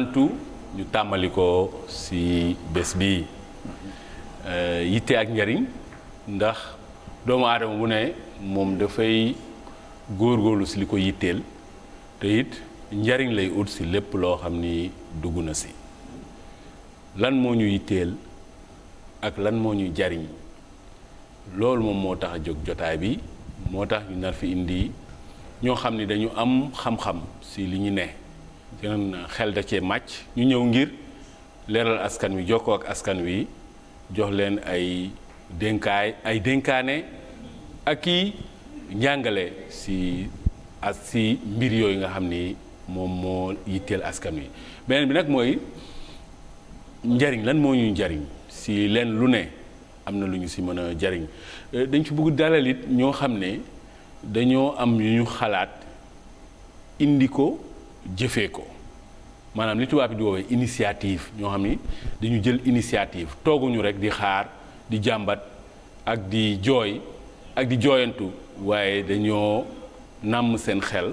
antu ñu tàmbali ko ci bés bi euh, yitte ak njariñ ndax doomu aadama bu ne moom dafay góor góorlu ci li ko yitteel te it njariñ lay ut ci lépp loo xam ni dugg na ci lan moo ñu yitteel ak lan moo ñu jariñ loolu moom moo tax a jóg jotaay bi moo tax ñu nar fi indi ñoo xam ni dañu am xam-xam ci li ñu ne yéen xel da cee màcc ñu ñëw ngir leeral askan wi jokkoo ak askan wi jox leen ay dénkaay ay dénkaane ak i njàngale si as mbir yooyu nga xam ni moom moo yitteel askan wi beneen bi nag mooy njariñ lan moo ñu njariñ si leen lu ne am na lu ñu si mën a jariñ euh, dañ ci bëgg dalal it ñoo xam ne dañoo am yu ñu xalaat indi ko jëfee ko maanaam li tubaab bi di woowee initiative ñoo xam ni dañu jël initiative tooguñu rek di xaar di jàmbat ak di jooy ak di jooyantu waaye dañoo nàmm seen xel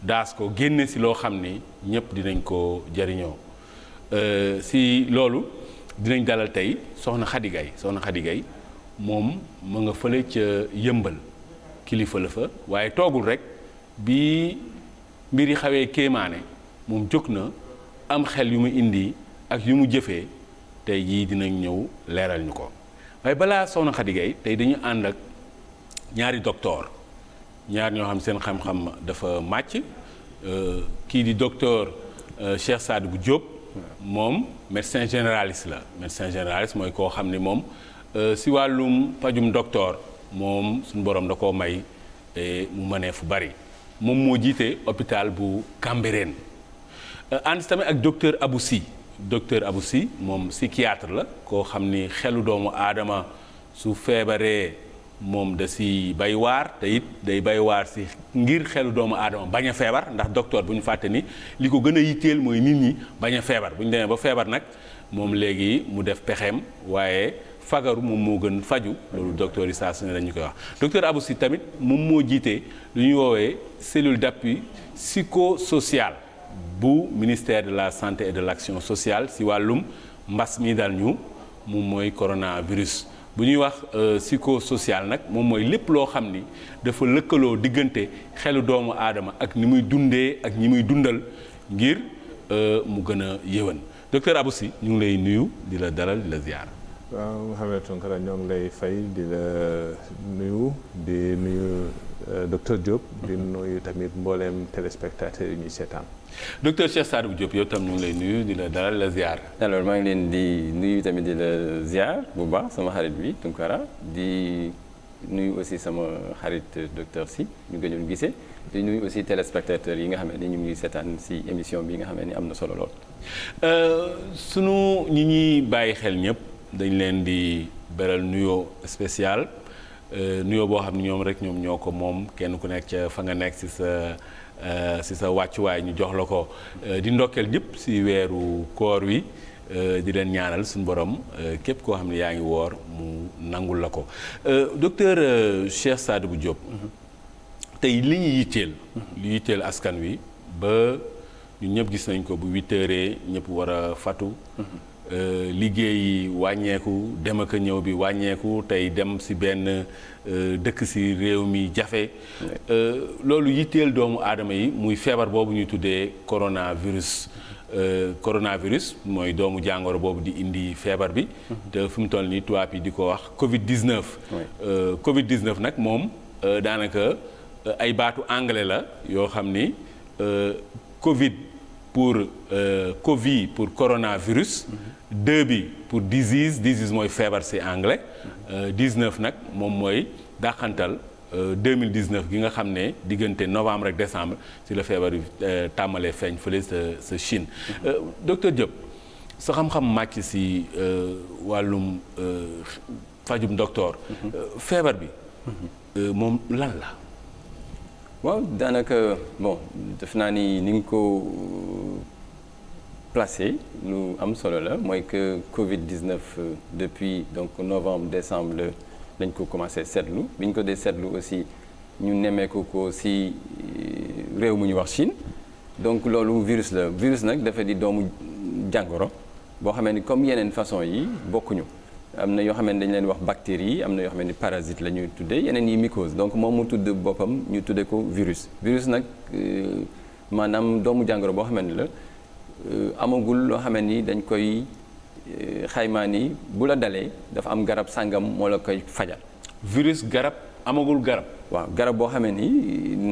daas ko génne si loo xam ni ñëpp dinañ ko jariñoo euh, si loolu dinañ dalal tey soxna Khady Gaye soxna Khady moom ma nga fële ca yëmbal kilifa la fa waaye toogul rek bi mbir yi xawee kéemaane moom jóg na am xel yu mu indi ak yu mu jëfee tey jii dinañ ñëw leeral ñu ko waaye balaa Soxna Khady tey dañu ànd ak ñaari docteur ñaar ñoo xam seen xam-xam dafa màcc euh, kii di docteur euh, Cheikh bu Diop moom médecin généraliste la médecin généraliste mooy koo xam ni moom euh, si wàllum pajum docteur moom suñu borom da koo may mu mënee fu bari moom moo jiite hôpital bu Cambérène Euh, ànd si tamit ak docteur abu si docteur abu si moom psychiatre la koo xam ni xelu doomu aadama su feebaree moom da si bay waar te day bay waar si ngir xelu doomu aadama bañ a feebar ndax docteur bu ñu fàtte ni li ko gën a yitteel mooy nit ñi bañ a feebar bu demee ba feebar nag moom léegi mu def pexeem waaye fagaru moom moo gën faju loolu docteur yi saa su ne lañu koy wax docteur Abou Sy tamit moom moo jiitee lu ñu woowee cellule d'appui psychosocial bu ministère de la santé et de l'action sociale si wàllum mbas mii daal ñu moom mooy coronavirus bu ñuy wax euh, psychosocial nag moom mooy lépp loo xam ni dafa lëkkaloo diggante xelu doomu aadama ak ni muy dundee ak ni muy dundal ngir euh, mu gën a yéwén docteur Aboussi ñu ngi lay nuyu di la dalal di la ziar. waaw Mouhamed Tounkara ñoo ngi lay fay di la nuyu di nuyu euh, docteur Diop. di nuyu tamit mbooleem téléspectateur yi ñuy seetaan. docteur Cheikh Sadibou Diop yow tam ñu ngi lay nuyu di la dalal la ziar. alors maa ngi leen di nuyu tamit di la ziar bu baax sama xarit bi Tunkara di nuyu aussi sama xarit docteur si ñu gëjoon gisee di nuyu aussi téléspectateurs yi nga xam ne ñu ngi seetaan si émission bi nga xam ne am na solo lool. Euh, sunu ñi ñuy bàyyi xel ñëpp dañ leen di beral nuyoo spécial euh, nuyoo boo xam ne ñoom rek ñoom ñoo ko moom kenn ku nekk ca fa nga nekk si sa. Euh, si sa wàccuwaay ñu jox la ko euh, di ndokkeel ñëpp si weeru koor wi euh, di leen ñaanal suñ borom képp koo xam ne yaa ngi woor mu nangul la ko docteur Cheikh Sadibou Diop mhm. tey li ñu yitteel li yitteel askan wi ba ñu ñëpp gis nañ ko bu huit heures ñëpp war a fatu mhm. Euh, liggéey wàññeeku dem ak ñëw bi wàññeeku tey dem si benn euh, dëkk si réew mi jafe euh, loolu yitteel doomu aadama yi muy feebar boobu ñuy tuddee coronavirus coronavirus mooy doomu jàngoro boobu di indi feebar bi te fi mu toll nii tubaab yi di ko wax covid 19 covid 19 nag moom daanaka ay baatu anglais la yoo xam ni covid pour euh, Covid pour coronavirus. deux bi pour disease disease mooy feebar si anglais. Euh, dix neuf nag moom mooy dàqantal euh, deux mille dix neuf gi nga xam ne diggante novembre ak décembre ci la feebar bi euh, tàmmalee feeñ fële sa sa Chine. docteur Diop sa xam-xam màcc si wàllum fajum doctor mhm. feebar bi. Mhm. moom lan la. waaw daanaka bon def naa ni ni nga ko placé lu am solo la mooy que Covid 19 euh, depuis donc novembre décembre la lañ ko commencé seetlu bi ñu ko dee seetlu aussi ñu nemmeeku ko si euh, réew mu ñu wax Chine donc loolu virus la virus nag dafa di doomu jàngoro boo xamee ni comme yeneen façon yi bokkuñu. am na yoo xam ne dañu leen wax bactéries yi am na yoo xam ni parasite la ñuy tuddee yeneen yi mycose donc moom mu tudd boppam ñu tuddee ko virus virus nag euh, maanaam doomu jàngoro boo xam ne la euh, amagul loo xam ni dañ koy euh, xaymaa ni bu la dalee dafa am garab sàngam moo la koy faja virus garab amagul garab. waaw garab boo xam ni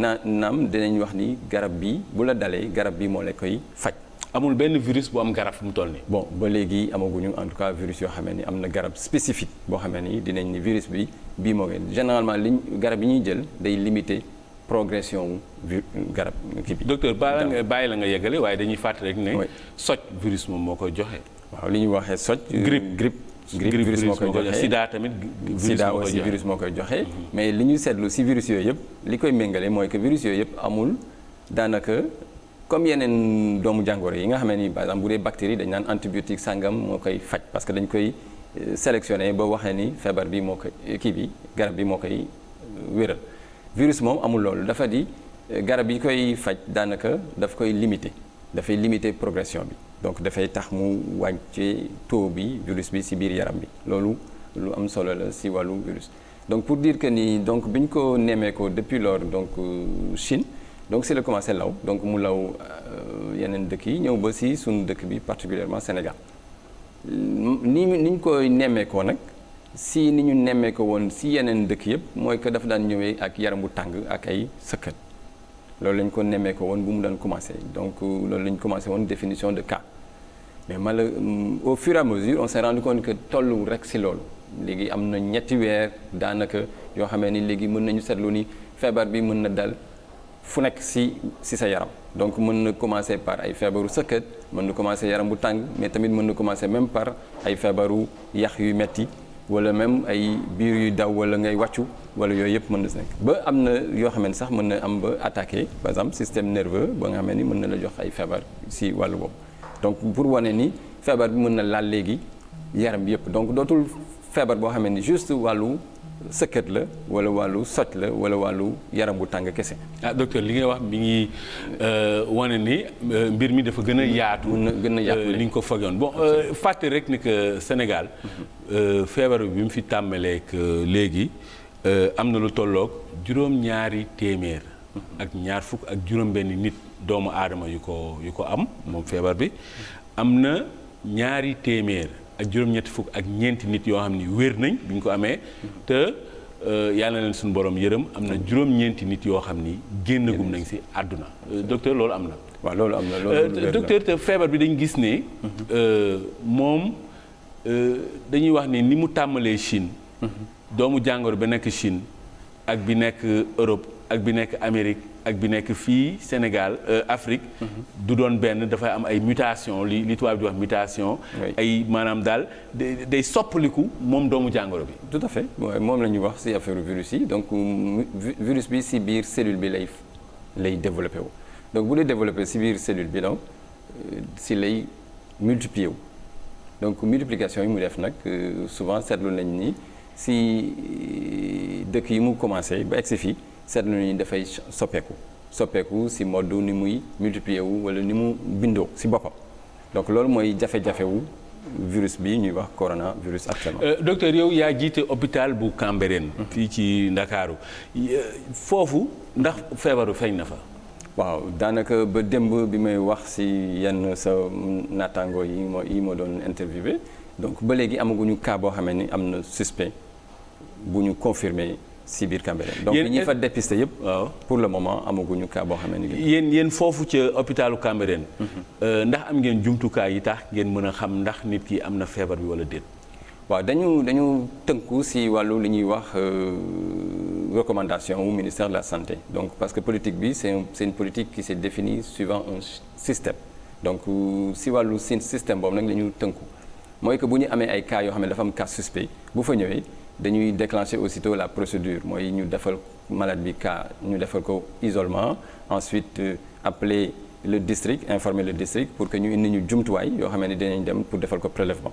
na naam dinañ wax ni garab bi bu la dalee garab bi moo la koy faj. amul benn virus bu am garab fu mu toll nii. bon ba léegi amaguñu en tout cas virus yoo xam ni am na garab spécifique boo xam ni dinañ ni virus bi bii moo ngeen généralement liñ garab yi ñuy jël day limiter progression garab kii bi. docteur bàyyi la bàyyi la nga yeggale waaye dañuy fàttali rek ne. soj virus moom moo koy joxe. waaw li ñuy waxee soj. Euh, grippe grippe. grippe moo koy joxe sida tamit. sida aussi virus moo koy joxe. Mhm. mais li ñu seetlu si virus yooyu yëpp li koy méngale mooy que virus yooyu yëpp amul daanaka comme yeneen doomu jàngoro yi nga xam ne ni par exemple bu dee bactérie dañ naan antibiotique sàngam moo koy faj parce que dañ koy euh, sélectionné boo waxee ni feebar bi moo koy kii bi garab bi moo koy euh, wéral virus moom amul loolu dafa di euh, garab yi koy faj daanaka daf koy limité dafay limité progression bi donc dafay tax mu wàcce taux bi virus bi ci biir yaram bi loolu lu am solo la ci wàllu virus donc pour dire que nii donc bi ñu ko nemmeekoo depuis lors donc Chine donc si la commencé law donc mu law euh, yeneen dëkk yi ñëw ba si suñu dëkk bi particulièrement Sénégal ni ni ñu koy nemmeekoo nag si ni ñu nemmeeko woon si yeneen dëkk yëpp mooy que dafa daan ñëwee ak yaram bu tàng ak ay sëkkat loolu la ñu ko nemmeeko woon bu mu daan commencé donc euh, loolu la ñu commencé woon définition de cas mais mala euh, au fur à mesure on s'est rendu compte que tollu rek si loolu léegi am na ñetti weer daanaka yoo xamee ni léegi mën nañu seetlu ni feebar bi mën na dal fu nekk si si sa yaram donc mën na commencer par ay feebaru sëkkët mën na commencer yaram bu tàng mais tamit mën na commencer même par ay feebaru yax yu metti wala même ay biir yu daw wala ngay wàccu wala yooyu yëpp mën na si nekk ba am na yoo xam ne sax mën na am ba attaqué par exemple système nerveux ba nga xam ni mën na la jox ay feebar si wàllu boobu donc pour wane ni feebar bi mën na laal léegi yaram bi yëpp donc dootul feebar boo xam wàllu. sëkkat la wala wàllu socc la wala wàllu yaram wu tàng kese. ah docteur li ngay wax bi ngi euh, wane ni euh, mbir mi dafa gën a yaatu. gën a yaatu li euh, ñu ko fagoon bon fàtte rek ni que Sénégal. Mm-hmm. feebar bi mu fi tàmbalee ak léegi am na lu tollook juróom-ñaari téeméer. Mm-hmm. ak ñaar fukk ak juróom-benn nit doomu aadama yu ko yu ko am moom feebar bi mm-hmm. am na ñaari téeméer. ak juróom-ñetti fukk ak ñeenti nit yoo xam ni wér nañ bi ñu ko amee te euh, yàlla leen suñu borom yërëm am na juróom-ñeenti nit yoo xam ni génn génnagum nañ si àdduna euh, docteur loolu am na waaw loolu am na loolu euh, docteur te feebar bi dañ gis ne mhm. moom dañuy wax ni ni mu tàmmalee Chine mhm. doomu jàngoro ba nekk Chine ak bi nekk Europe ak bi nekk Amérique ak bi nekk fii Sénégal euh, Afrique mhm. du doon benn dafay am ay mutation li li tubaab di wax mutation ay maanaam daal day soppaliku moom doomu jàngoro bi tout à fait moom la ñuy wax ci affaire virus yi donc virus bi ci biir cellule bi lay lay développé wu donc bu dee développé ci biir cellule bi donc euh, ci lay multiplier wu donc multiplication yi mu def nag euh, souvent seetlu nañ ni ci dëkk yi mu commencé ba egsi fii seetlu ni dafay soppeeku soppeeku si mode ni muy multiplier wu wala ni mu bindoo si boppam donc loolu mooy jafe-jafe wu virus bi ñuy wax corona coronavirus actuellement. Euh, docteur yow yaa jiite hôpital bu Cambérène. Mm-hmm. fii ci Ndakaaru euh, foofu ndax feebaru feeñ na fa. waaw daanaka ba démb bi may wax si yenn sa naataango yi ma ma doon interviewé donc ba léegi amaguñu cas boo xamee ni am na suspect bu ñu confirmé. si biir Cambérène donc ñi fa dépisté yëpp. pour le moment amaguñu cas boo xamee ni. yéen yéen foofu ca hôpitalu Cambérène. Mhm. Euh, ndax am ngeen jumtukaay yi tax ngeen mën a xam ndax nit ki am na feebar bi wala déet. waaw dañu dañu tënku si wàllu li ñuy wax euh, recommandation au ministère de la santé donc parce que politique bi c'est seen une politique qui s'est définie suivant un système donc euh, si wàllu si système boobu nag la tënku mooy que bu ñu amee ay cas yoo xam ne dafa am cas suspect bu fa ñëwee. dañuy déclencher aussitôt la procédure mooy ñu defal malade bi cas ñu defal ko isolement ensuite euh, appeler le district informer le district pour que ñu indi ñu jumtuwaay yoo xam ne dinañ dem pour defal ko prélèvement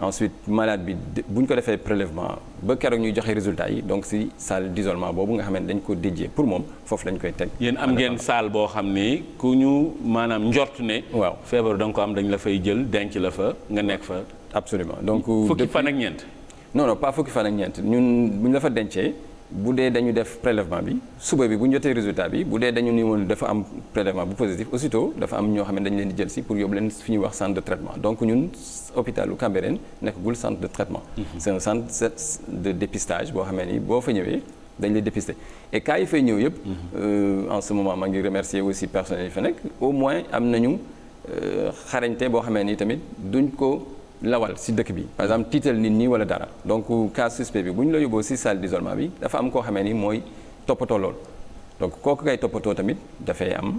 ensuite malade bi bu ñu ko defee prélèvement ba keroog ñuy joxe résultat yi donc si salle d'isolement boobu nga xam ne dañ ko déjee pour moom foofu lañ koy teg. yéen am ngeen salle boo xam ni ku ñu maanaam njort ne. waaw feebar da nga am dañ la fay jël denc la fa nga nekk fa. absolument donc fukki fan ñeent. non non pas fukki fan ak ñeent ñun bu ñu la dencee bu dee dañu def prélèvement bi suba bi bu ñu jotee résultat bi bu dee dañu ni woon dafa am prélèvement bu positif aussitôt dafa am ñoo xam ne dañu leen di jël si pour yóbbu leen fi ñuy wax centre de traitement donc ñun hôpitalu Cambérène nekkagul centre de traitement. Mhm. c' est un centre de dépistage boo xamee ni boo fa ñëwee. dañ lay dépister et cas yi fay ñëw yëpp. Mhm. Euh, en ce moment maa ngi remercier aussi personnel yi fa nekk au moins am nañu euh, xarañte boo xamee ni tamit duñ ko. lawal si dëkk bi par exemple tiital nit ñi wala dara donc cas suspect bi bu ñu la yóbboo si salle d'isolement bi dafa am koo xamee ni mooy toppatoo lool donc kooku kay toppatoo tamit dafay am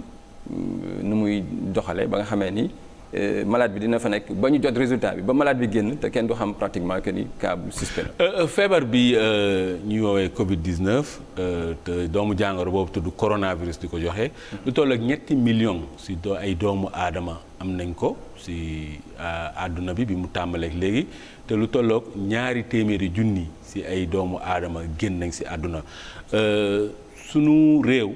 euh, nu muy doxale ba nga xamee ni euh, malaat bi dina fa nekk ba ñu jot résultat bi ba malaat bi génn te kenn du xam pratiquement que ni cas bu suspect la. Euh, feebar bi ñuy woowee Covid 19 te doomu jàngoro boobu tudd coronavirus di ko joxe. lu toll ak ñetti million si ay doomu aadama am nañ ko. si àdduna bi bi mu tàmbaleek léegi te lu tolloog ñaari téeméeri junni si ay doomu aadama génn nañ si àdduna euh, sunu réew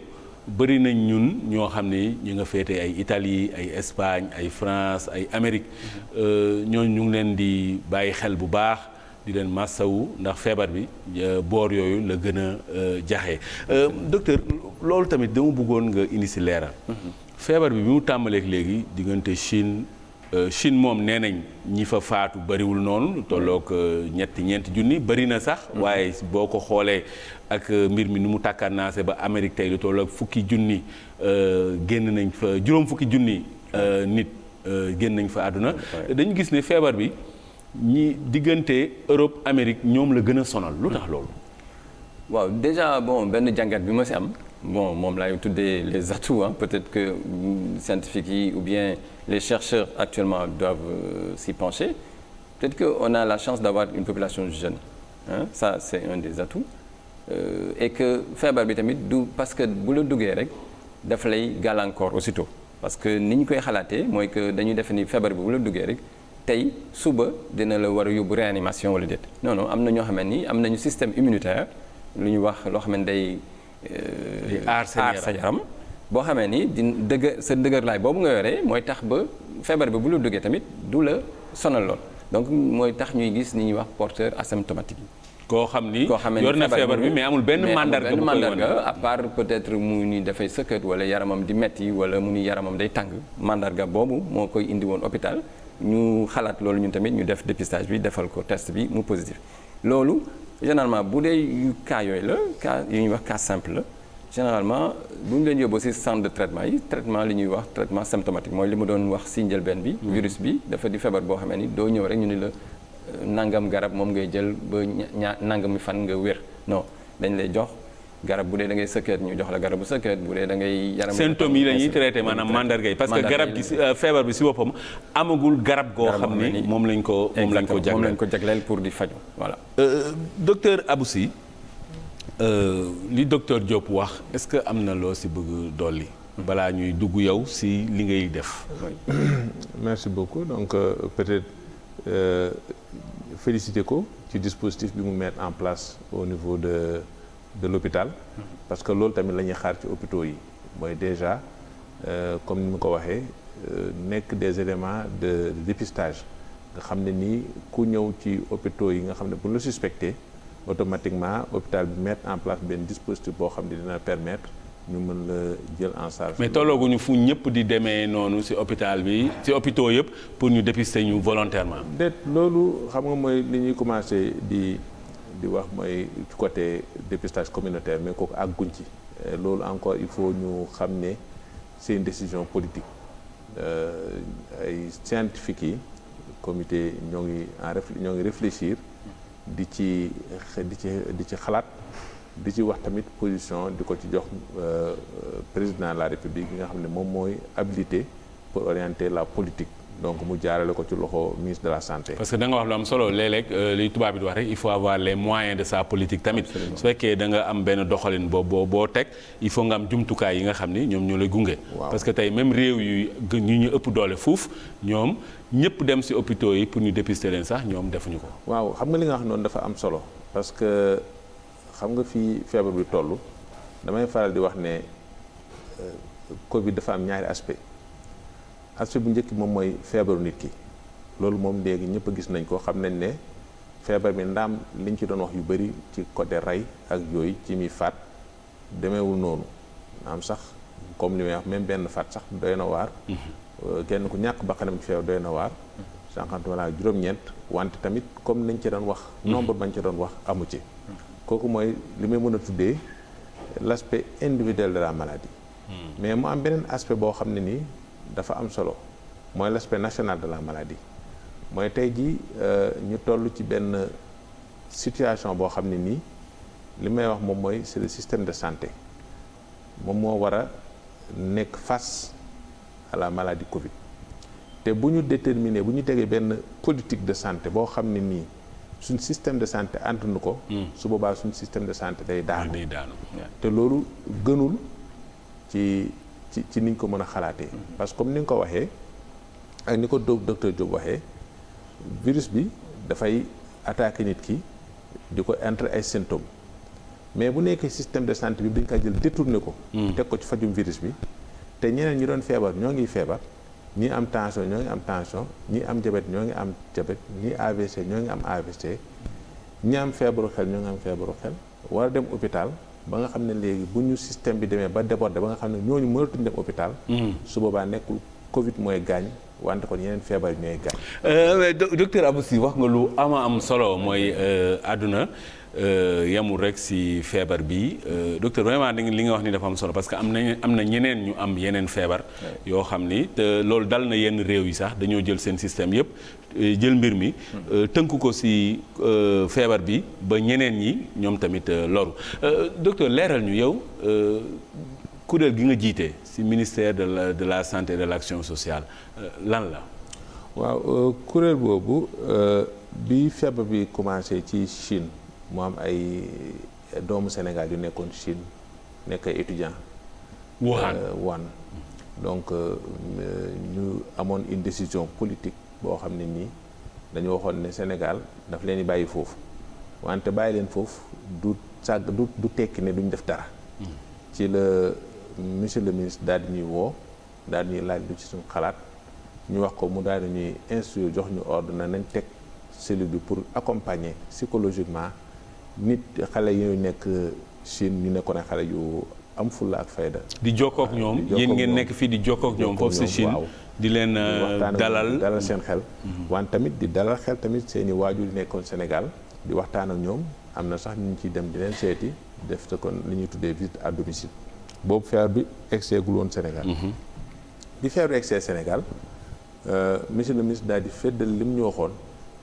bëri nañ ñun ñoo xam ne ñu nga féete ay Italie ay Espagne ay France ay Amérique mm-hmm. euh, ñoo ñu ngi leen di bàyyi xel bu baax di leen massawu ndax feebar bi euh, boor yooyu la gën a jaxe docteur loolu tamit dama bëggoon nga indi si leeral mm-hmm. feebar bi bi mu tàmbaleek léegi diggante Chine Euh, Chine moom nee nañ ñi fa faatu bëriwul noonu tolloog mm-hmm. euh, ñetti ñeenti junni bari na sax. Mm-hmm. waaye boo ko xoolee ak euh, mbir mi nu mu naa se ba Amérique tey lu tollook fukki junni génn nañ fa juróom fukki junni mm-hmm. nit génn nañ fa àdduna. dañu gis ne feebar bi ñi diggante Europe Amérique ñoom la gën a sonal lu tax loolu. waaw déjà bon benn jàngat bi ma si am. bon moom laay tuddee les atouts peut-être que mm, scientifiques yi ou bien les chercheurs actuellement doivent euh, s'y pencher peut-être que on a la chance d'avoir une population jeune hein ça c'est un des atouts euh, et que feebar bi tamit du parce que bu la duggee rek daf lay gàllankoor aussitôt parce que ni ñu koy xalaatee mooy que dañuy defe ni feebar bi bu la duggee rek tey suba dina la war a yóbbu réanimation wala déet non non am na ñoo xamante ni am nañu système immunitaire lu ñu wax loo xamante day Euh, aar sa yaram boo xamee ni di dëgg sa dëgër laay boobu nga yoree mooy tax ba feebar bi bu lu duggee tamit du la sonal lool donc mooy tax ñuy gis ni ñuy wax porteur asymptomatique yi. koo xam ni yor na feebar bi mais amul benn mandarga benn mandarga à peut-être mu ni dafay sëkkët wala yaramam di metti wala mu ni yaramam day tàng mandarga boobu moo koy indi woon hôpital ñu xalaat loolu ñun tamit ñu def dépistage bi defal ko test bi mu positif loolu généralement bu dee yu yooyu la cas yu ñuy wax cas simple la généralement bu ñu leen yóbboo ci centre de traitement yi traitement li ñuy wax traitement symptomatique mooy li mu doon wax ci njëlbeen bi. Hmm. virus bi dafa di feebar boo xamee ni doo ñëw rek ñu ni la nangam garab moom ngay jël ba ña nangami fan nga wér non dañ lay jox. garab bu dee dangay ngay ñu jox la garabu sëkkat bu dee ngay yaram symptômes yi la ñuy traité maanaam mandarga yi parce que garab gi feebar bi si boppam amagul garab goo xam ne moom lañ ko moom lañ ko moom ko jagleel pour di faj voilà euh, docteur Aboussi euh, li docteur Diop wax est-ce que am na loo si bëgg dolli balaa ñuy dugg yow si li ngay def merci beaucoup donc euh, peut-être félicité ko ci dispositif bi mu mettre en place au niveau de de l'hôpital parce que loolu tamit la ñuy xaar ci hôpitaux yi mooy déjà euh, comme ni mu ko waxee euh, nekk des éléments de dépistage nga xam ne nii ku ñëw ci hôpitaux yi nga xam ne bu ñu la suspecté automatiquement hôpital bi mettre en place benn dispositive boo xam ne dina permettre ñu mën la jël en charge. mais tollooguñu fu ñëpp di demee noonu ci hôpital bi ci hôpitaux yëpp pour ñu dépister ñu volontairement. déet loolu xam nga mooy li ñuy commencé di. di wax mooy ci côté dépistage communautaire mais kooku àgguñ ci loolu encore il faut ñu xam ne c'est une décision politique euh, ay scientifique yi comité ñoo ngi en ñoo ngi réfléchir di ci di ci di ci xalaat di ci wax tamit position di ko ci jox euh, président la république yi nga xam ne moom mooy abilité pour orienter la politique donc mu jaarale ko ci loxo ministre de la santé. parce que da nga wax lu am solo léeg-léeg euh, li tubaab bi di wax rek il faut avoir les moyens de sa politique tamit. su fekkee da nga am benn doxalin boo boo teg il faut nga am jumtukaay yi nga xam ni ñoom ñoo lay gunge. parce que tey même réew yu ñu ñu ëpp doole fuuf ñoom ñëpp dem si hôpitaux yi pour ñu dépister leen sax ñoom defuñu ko. waaw xam nga li nga wax noonu dafa am solo. parce que xam nga fii feebar bi toll damay faral di wax ne euh, Covid dafa am ñaari aspect aspect bu njëkk moom mooy feebaru nit ki loolu moom léegi ñëpp a gis nañ ko xam nañ ne feebar bi ndaam liñ ci doon wax yu bëri ci côté rey ak yooyu ci muy faat demeewul noonu naam sax comme li may wax même benn faat sax doy na waar mhm. kenn ku ñàkk ba xanam ci feebar doy na waar mhm. sànqant wala juróom-ñeent wante tamit comme nañ ci doon wax mhm. nombre bañ ci doon wax amu ci kooku mooy li may mën a tuddee l' aspect individuel de maladie hmm. mais mu am beneen aspect boo xam ne nii dafa am solo mooy l'aspect national de la maladie mooy tey jii euh, ñu toll ci benn situation boo xam ne nii li may wax moom mooy c'est le système de santé moom moo war a nekk fas à la maladie Covid te bu ñu déterminer bu ñu tegee benn politique de santé boo xam ne nii suñ système de santé ànduñu ko. Hmm. su boobaa suñ système de santé day daanu. Ah, day daanu te loolu gënul ci. ci ci niñ ko mën a xalaatee. parce que comme ni nga ko waxee ak ni ko docteur Diop waxee virus bi dafay attaquer nit ki di ko entre ay symptômes mais bu nekkee système de santé bi dañ koy jël détourné ko. Hmm. teg ko ci fajum virus bi te ñeneen ñi doon feebar ñoo ngi feebar. ñii am tension ñoo ngi am tension ñii am diabète ñoo ngi am diabète ñii AVC ñoo ngi am AVC ñii am feebaru xel ñoo ngi am feebaru xel war a dem hôpital ba nga xam ne léegi bu ñu système bi demee ba déborder ba nga xam ne ñooñu mënatuñ dem hôpital. Hmm. su boobaa nekkul Covid mooy gaañ. wante kon yeneen feebar yi ñooy gaañ. Euh, docteur Abou Sy wax nga lu ama am solo mooy euh, àdduna. Euh, yemul rek si feebar bi euh, docteur vraiment li nga wax ni dafa am solo parce que am nañ am na ñeneen ñu am yeneen feebar yoo xam ni te loolu dal na yenn réew yi sax dañoo jël seen système yëpp euh, jël mbir mi hmm. tënk ko si feebar bi ba ñeneen ñi ñoom tamit loru docteur leeral ñu yow kuréel gi nga jiite si ministère de la de la santé et de l'action sociale lan la waaw kuréel boobu bi feebar bi commencé ci Chine mu am ay doomu Sénégal yu nekkoon Chine nekk ay étudiant Wuhan euh, Wuhan donc euh, ñu amoon une décision politique boo xam ne nii dañu waxoon ne Sénégal daf leen yi bàyyi foofu wante bàyyi leen foofu du sàgg du tekki ne duñ def dara. Mm-hmm. ci la monsieur le ministre daal di ñuy woo daal di ñuy laaj lu ci suñu xalaat ñu wax ko mu daal di ñuy instruire jox ñu ordre na nañ teg cellule bi pour accompagner psychologiquement. nit xale yu nekk Chine ñu nekkoon ay xale yu am fulla ak fayda. di jokkoo ñoom yéen ngeen nekk fii di jokkook euh, ak ñoom foofu si di leen dalal dalal seen xel. Mhm. wante tamit di dalal xel tamit seen i waajur yi nekkoon Sénégal di waxtaan ak ñoom am na sax ñu ciy dem di leen seeti def te kon li ñuy tuddee visite à domicile. boobu feebar bi egsee gul woon Sénégal. Mhm. bi feebar bi egsee Sénégal euh, monsieur le ministre daal di féddal lim ñu waxoon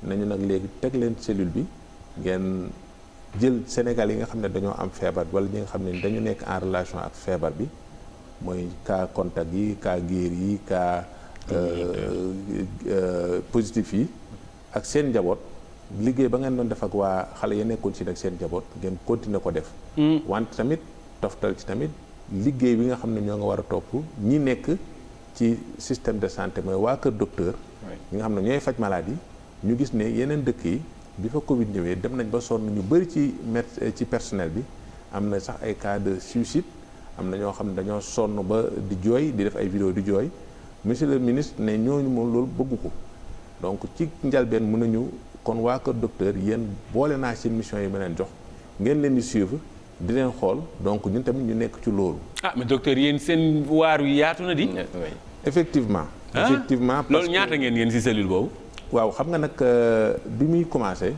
nañu nag léegi teg leen cellule bi jël Sénégal yi nga xam ne dañoo am feebar wala ñi nga xam ne dañu nekk en relation ak feebar bi mooy cas contact yi kaa guéri yi cas euh, euh, positif yi ak seen njaboot liggéey ba ngeen doon def ak waa xale ya nekkoon ci nag seen njaboot ngeen continuer ko def hmm. want tamit toftal ci tamit liggéey bi nga xam ne ñoo nga war a topp ñi nekk ci système de santé mooy waa kër docteur ñi nga xam ne ñooy faj maladie ñu gis ne yeneen dëkk yi bi fa Covid ñëwee dem nañ ba sonn ñu bëri ci eh, ci personnel bi am na sax ay card de suicide am na ñoo xam ne dañoo sonn ba di jooy di def ay vidéo di jooy monsieur le ministre ne ñooñu moom loolu bëggu ko donc ci njalbeen mën ñu kon waa kër docteur yéen boole naa seen mission yi ma jox ngeen leen di suivre di leen xool donc ñun tamit ñu nekk ci loolu. ah mais docteur yéen seen waar yu yaatu na di. effectivement. Ah? effectivement parce loolu ñaata ngeen yéen ci cellule boobu. waaw xam nga nag euh, bi muy commencé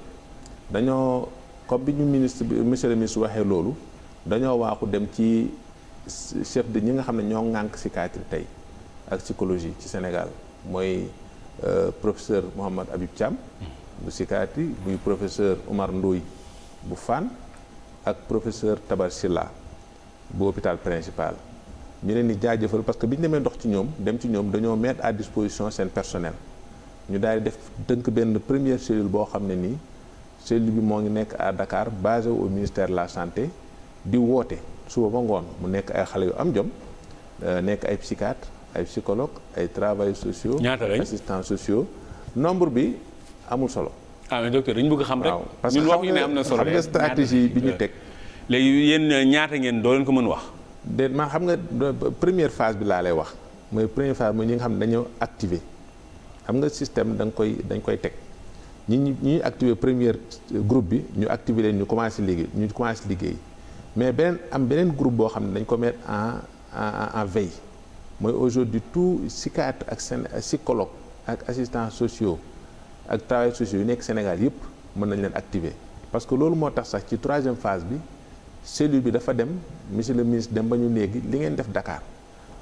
dañoo comme bi ñu ministre bi monsieur le ministre waxee loolu dañoo waaxu dem ci chef di ñi nga xam ne ñoo ŋànk psychiatrie tey ak psychologie ci Sénégal mooy euh, professeur Mouhamad Habib Thiam bu psychiatrie muy professeur Omar Ndoye bu Fann ak professeur Tabar Silla bu hôpital principal ñu leen di jaajëfal parce que bi ñu demee ndox ci ñoom dem ci ñoom dañoo mettre à disposition seen personnel ñu daal di def tënk benn première cellule boo xam ne nii cellule bi moo ngi nekk à Dakar basé ou ministère la santé di woote suba ba ngoon mu nekk ay xale yu am jom euh, nekk ay psychiatre ay psychologue ay travailleurs sociaux assistants sociaux nombre bi amul solo ah mais docteur dañu bëgg xam rek ñun waxuñu ne am na solo xam nga stratégie bi ñu teg léegi yéen ñaata ngeen doo leen ko mën wax déet maa xam nga première phase bi laa lay wax mooy première phase mooy ñi nga xam ne dañoo activé xam nga système da nga koy dañ koy teg ñi ñi ñuy activer première groupe bi ñu activer ñu commencé liggéey ñu commencé liggéey mais beneen am beneen groupe boo xam ne dañ ko mettre en en en veille mooy aujourd'hui tout psychiatre ak seen psychologue ak assistants sociaux ak travailleurs sociaux yu nekk Sénégal yëpp mën nañ leen activer parce que loolu moo tax sax ci troisième phase bi cellule bi dafa dem monsieur le ministre dem ba ñu léegi li ngeen def Dakar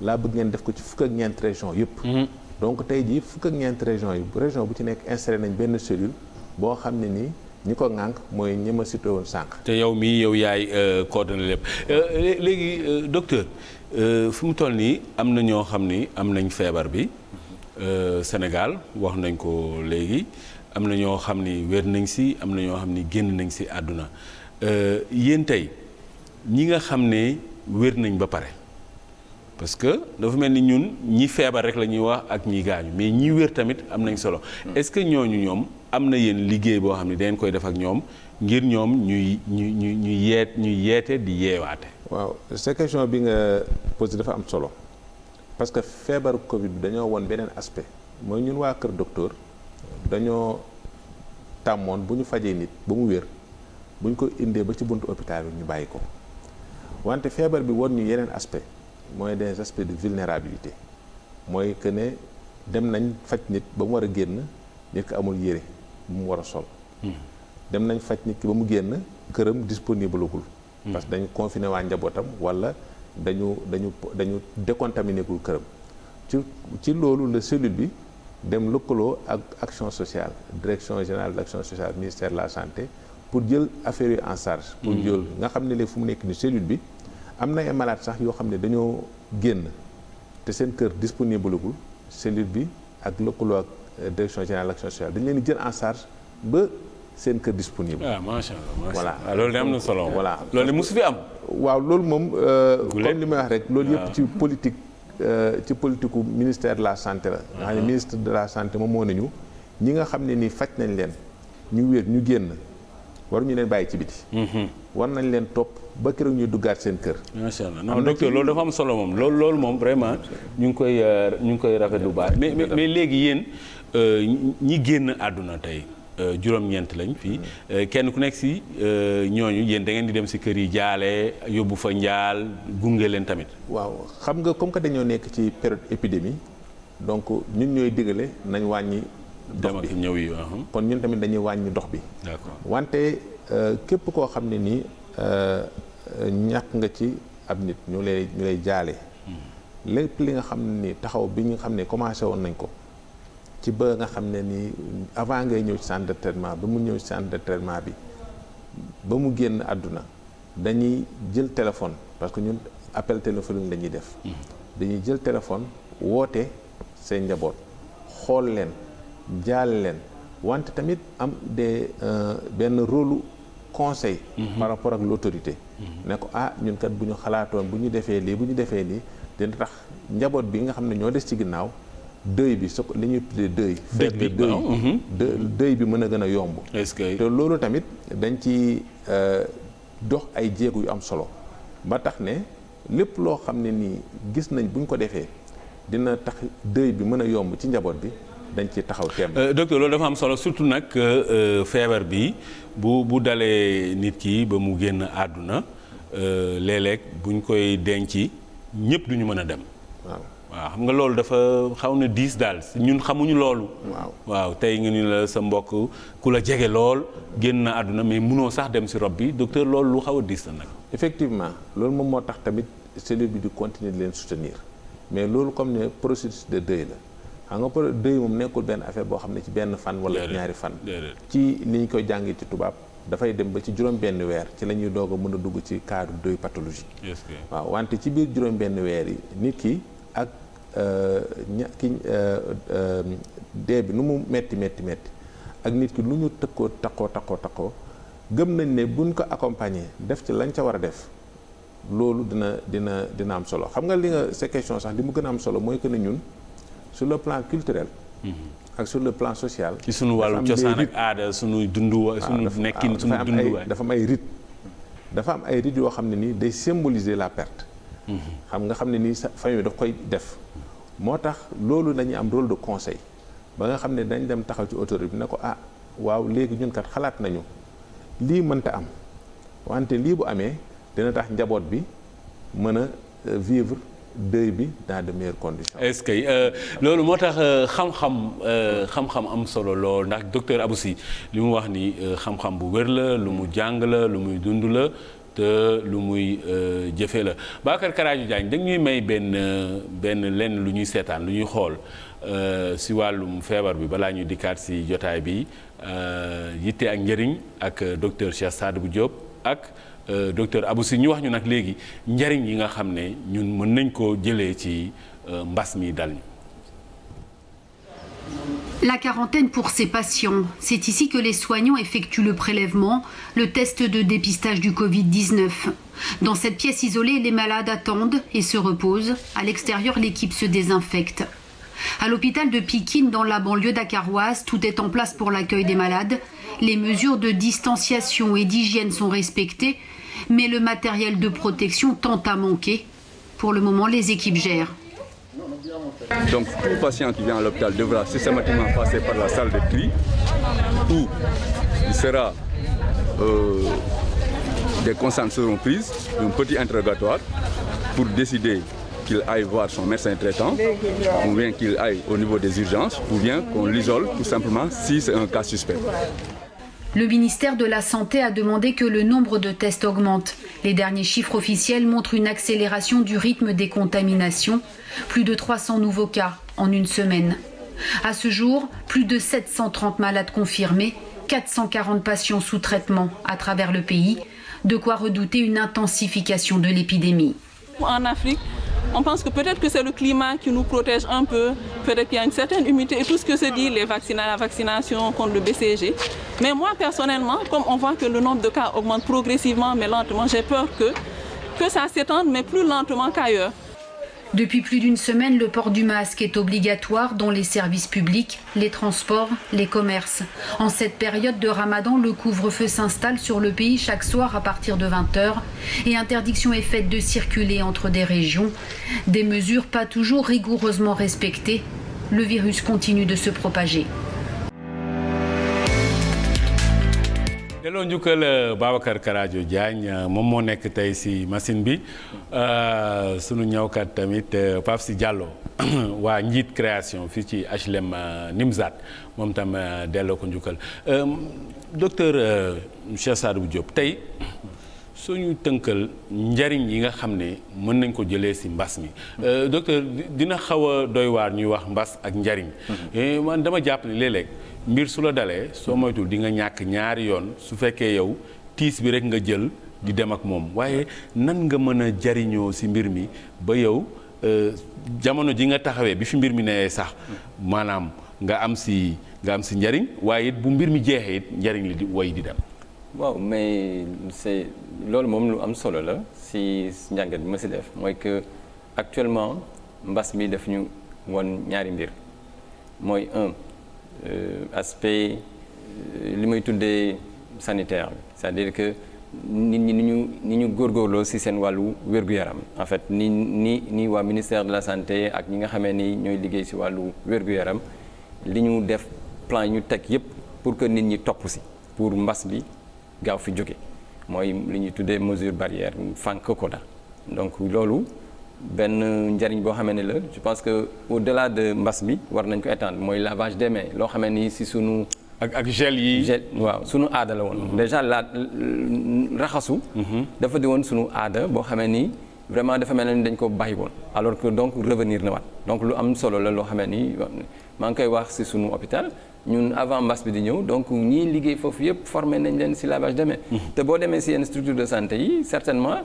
laa bëgg ngeen def ko ci fukk ak ñeent région yëpp mm-hmm. donc tey jii fukk ak région yi région bu ci nekk installé nañ benn cellule boo xam ne nii ñi ko ŋànk mooy ñi ma cité woon sànq. te yow mii yow yaay euh, coordonné lépp euh, léegi euh, docteur fi mu toll nii am na ñoo xam ni am nañ feebar bi Sénégal wax nañ ko léegi am na ñoo xam ni wér nañ si am na ñoo xam ni génn nañ si àdduna yéen tey ñi nga xam ne wér nañ ba pare. parce que dafa mel ni ñun ñi feebar rek la ñuy wax ak ñi gaañu mais ñi wér tamit am nañ solo. Hmm. est-ce que ñooñu ñoom am na yéen liggéey boo xam ne dangeen koy def ak ñoom ngir ñoom ñuy ñu ñu ñu yeet ñu yeete di yeewaate. waaw sa question bi nga posé dafa am solo parce que feebaru Covid bi dañoo woon beneen aspect mooy ñun waa Kër Docteur dañoo tàmmoon bu ñu fajee nit ba mu wér bu ñu ko indee ba ci buntu hôpital bi ñu bàyyi ko wante feebar bi woon ñu yeneen aspect. mooy des aspects de vulnérabilité mooy que ne dem nañ faj nit ba mu war a génn nit ko amul yére bu mu war a sol. Hmm. dem nañ faj nit ki ba mu génn këram disponible gul hmm. parce que dañu confiné waa njabootam wala dañu dañu dañu décontaminé gul këram. ci ci loolu la cellule bi dem lëkkaloo ak action sociale direction générale de l'action sociale ministère la santé pour jël affaire yi en charge. pour hmm. jël nga xam ne léegi fu mu nekk ni cellule bi. am na ay malade sax yoo xam ne dañoo génn te seen kër disponible gul cellule bi ak lëkkaloo ak euh, direction générale action sociale dañ leen jël en charge ba seen kër disponible. ah voilà ah, loolu de am na solo. voilà loolu mosu fi am. waaw loolu moom. Euh, comme li may wax rek loolu yëpp ah. ci politique. Euh, ci politiku ministère de la santé la. Ah. nga xam ne ministre de la santé moom moo ñu ñi nga xam ne ni faj nañ leen ñu wér ñu génn waruñu leen bàyyi ci biti. Mm-hmm. war nañ leen topp. ba keroog ñuy duggaat seen kër. macha allah non docteur loolu dafa am solo moom loolu loolu moom vraiment ñu ngi koy euh, ñu ngi koy rafetlu baax mais mais léegi yéen euh, ñi génn àdduna tey. Euh, juróom-ñeent lañ fii kenn ku nekk si ñooñu yéen da ngeen di dem si kër yi jaale yóbbu fa njaal gunge leen tamit. waaw xam nga comme que dañoo nekk ci période épidémie donc ñun ñooy digale nañ wàññi. dox bi ñëw yi uh-huh. kon ñun tamit dañuy wàññi dox bi. wante képp koo xam ne nii Euh, ñàkk nga ci ab nit ñu lay ñu lay jaale. Hmm. lépp li nga xam ni taxaw bi ñu xam ne commencé woon nañ ko ci ba nga xam ne nii avant ngay ñëw ci centre de ba mu ñëw ci centre bi ba mu génn àdduna dañuy jël téléphone parce que ñun appel téléphonique la ñuy def. Hmm. dañuy jël téléphone woote seen njaboot xool leen jaal leen wante tamit am des euh, benn rôle conseil mhm. par rapport ak l'autorité mhm. ne ko ah ñun kat bu ñu xalaatoon bu ñu defee lii bu ñu defee lii dina tax njaboot bi nga xam ne ñoo des ci ginnaaw deuil bi su ko li ñuy tuddee deuil fekk mhm. deuil bi mën a gën a yomb te loolu tamit dañ ci euh, dox ay jéego yu am solo ba tax ne lépp loo xam ne nii gis nañ buñ ko defee dina tax deuil bi mën a yomb ci njaboot bi dañ ci taxaw teem euh, docteur loolu dafa am solo surtout nag euh, feebar bi bu bu dalee nit ki ba mu génn àdduna euh, léeg-léeg buñ koy denc ñëpp duñu mën a dem. waaw xam nga loolu dafa xaw na diis daal ñun xamuñu loolu. waaw tey nga ni la sa mbokk ku la jege lool génn na àdduna mais munoo sax dem si rob bi docteur loolu lu xaw a diis la nag. effectivement loolu moom moo tax tamit cellule bi di continuer leen soutenir mais loolu comme ne processus de deuil la. xam nga peut dëy moom nekkul benn affaire boo xam ne ci benn fan wala ñaari fan ci ni koy jàngee ci tubaab dafay dem ba ci juróom-benn weer ci la ñuy doog a mën a dugg ci cadre deuil pathologie waaw wante ci biir juróom-benn weer yi nit ki ak euh, ña ki euh, euh, dee bi nu mu metti metti metti ak nit ki lu ñu tëkkoo takkoo takkoo takkoo gëm nañ ne buñ ko accompagner def ci lañ ca war a def loolu dina dina dina am solo xam nga li nga sa question sax li mu gën a am solo mooy que ne ñun sur le plan culturel. Mm-hmm. ak sur le plan social. ci suñu wàllu cosaan ak aada sunu dundu ah, sunu nekkin ah, sunu dunduwaay dafa am ay rite dafa am ay rite yoo xam ne nii day symboliser la perte. Mm-hmm. xam nga xam ne nii sa famille daf koy def. moo tax loolu dañuy am rôle de conseil ba nga xam ne dañ dem taxaw ci autorité bi ne ko ah waaw léegi ñun kat xalaat nañu lii mënta am wante lii bu amee dina tax njaboot bi mën a euh, vivre. dëy bi dans de meilleures conditions. est-ce que euh, loolu moo tax euh, xam-xam euh, xam am solo lool ndax docteur Aboussi li mu wax ni xam-xam bu wér la lu mu jàng la lu muy dund la te lu muy jëfe la Bakar Karaaju Diagne da ñuy may benn benn lenn lu ñuy seetaan lu ñuy xool si wàllum feebar bi balaa ñuy dikkaat si jotaay bi yitte ak njëriñ ak docteur Cheikh bu Diop ak. Euh, docteur Aboussi ñu wax ñu nag léegi njariñ yi nga xam ne ñun mën nañ koo jëlee ci euh, mbas mi dal ñu. La quarantaine pour ces patients. C'est ici que les le prélèvement, le test de dépistage du Covid-19. Dans cette pièce isolée, les malades attendent et se reposent. À l'extérieur, l'équipe se désinfecte. À l'hôpital la banlieue dakaroise, tout est en place pour l'accueil des malades. Les mesures mais le matériel de protection tend à manquer. Pour le moment, les équipes gèrent. Donc tout patient qui vient à l'hôpital devra systématiquement passer par la salle de tri où il sera, euh, des constats seront prises, un petit interrogatoire pour décider qu'il aille voir son médecin traitant, ou bien qu'il aille au niveau des urgences, ou bien qu'on l'isole tout simplement si c'est un cas suspect. Le ministère de la Santé a demandé que le nombre de tests augmente. Les derniers chiffres officiels montrent une accélération du rythme des contaminations, plus de 300 nouveaux cas en une semaine. À ce jour, plus de 730 malades confirmés, 440 patients sous traitement à travers le pays, de quoi redouter une intensification de l'épidémie. En Afrique, on pense que peut-être que c'est le climat qui nous protège un peu, peut-être qu'il y a une certaine humidité et tout ce que se dit, les vaccina la vaccination contre le BCG. Mais moi, personnellement, comme on voit que le nombre de cas augmente progressivement, mais lentement, j'ai peur que, que ça s'étende, mais plus lentement qu'ailleurs. Depuis plus d'une semaine, le port du masque est obligatoire dans les services publics, les transports, les commerces. En cette période de ramadan, le couvre-feu s'installe sur le pays chaque soir à partir de 20h et interdiction est faite de circuler entre des régions. Des mesures pas toujours rigoureusement respectées, le virus continue de se propager. delloo njukkal euh, Babacar Karajo Diagne euh, moom moo nekk tey si machine bi euh, sunu ñawkat tamit Pape si Diallo waa njiit création fii ci HLM Nimzat moom tam delloo ko njukkal docteur Cheikh Sadibou Diop tey suñu tënkal njariñ yi nga xam ne mën nañ ko jëlee si mbas mi docteur dina xaw a doy waar ñuy wax mbas ak njariñ mm-hmm. eh, man dama jàpp ne léeg mbir su la dalee soo moytul di nga ñàkk ñaari yoon su fekkee yow tiis bi rek nga jël di dem ak moom waaye nan nga mën a jariñoo si mbir mi ba yow euh, jamono ji nga taxawee bi fi mbir mi nee sax maanaam nga am si am si njariñ waaye it bu mbir mi jeexee it njariñ li di di dem waaw mais c'est loolu moom lu am solo la si njàngat bi ma si def mooy que actuellement mbas mi daf ñu won ñaari mbir mooy un Euh, aspect euh, li may tuddee sanitaire cest dire que nit ñi ni ñu ni ñu góor góorloo ci seen wàllu wér-gu-yaram en fait ni ni ni waa ministère de la santé ak ñi nga xamee ni ñooy liggéey ci wàllu wér-gu-yaram li ñu def plan yi ñu teg yépp pour que nit ñi topp ci pour mbas bi gaaw fi jóge mooy li ñuy tuddee mesure barrière fànk ko da donc loolu benn njariñ boo xamee ne la je pense que au delà de mbas bi war nañ ko étendre mooy lavage des mains loo xamee ni si sunu. ak ak gel yi gel waaw sunu aada la woon. Mm-hmm. déjà la raxasu. Mm-hmm. dafa di woon sunu aada boo xamee ni vraiment dafa mel ni dañ ko bàyyi woon. alors que donc revenir na waat donc lu am solo la loo xamee ni maa ngi koy wax si sunu hôpital ñun avant mbas bi di ñëw donc ñii liggéey foofu yëpp formé nañ leen si lavage des mains. Mm-hmm. te boo demee si yenn structure de santé yi certainement.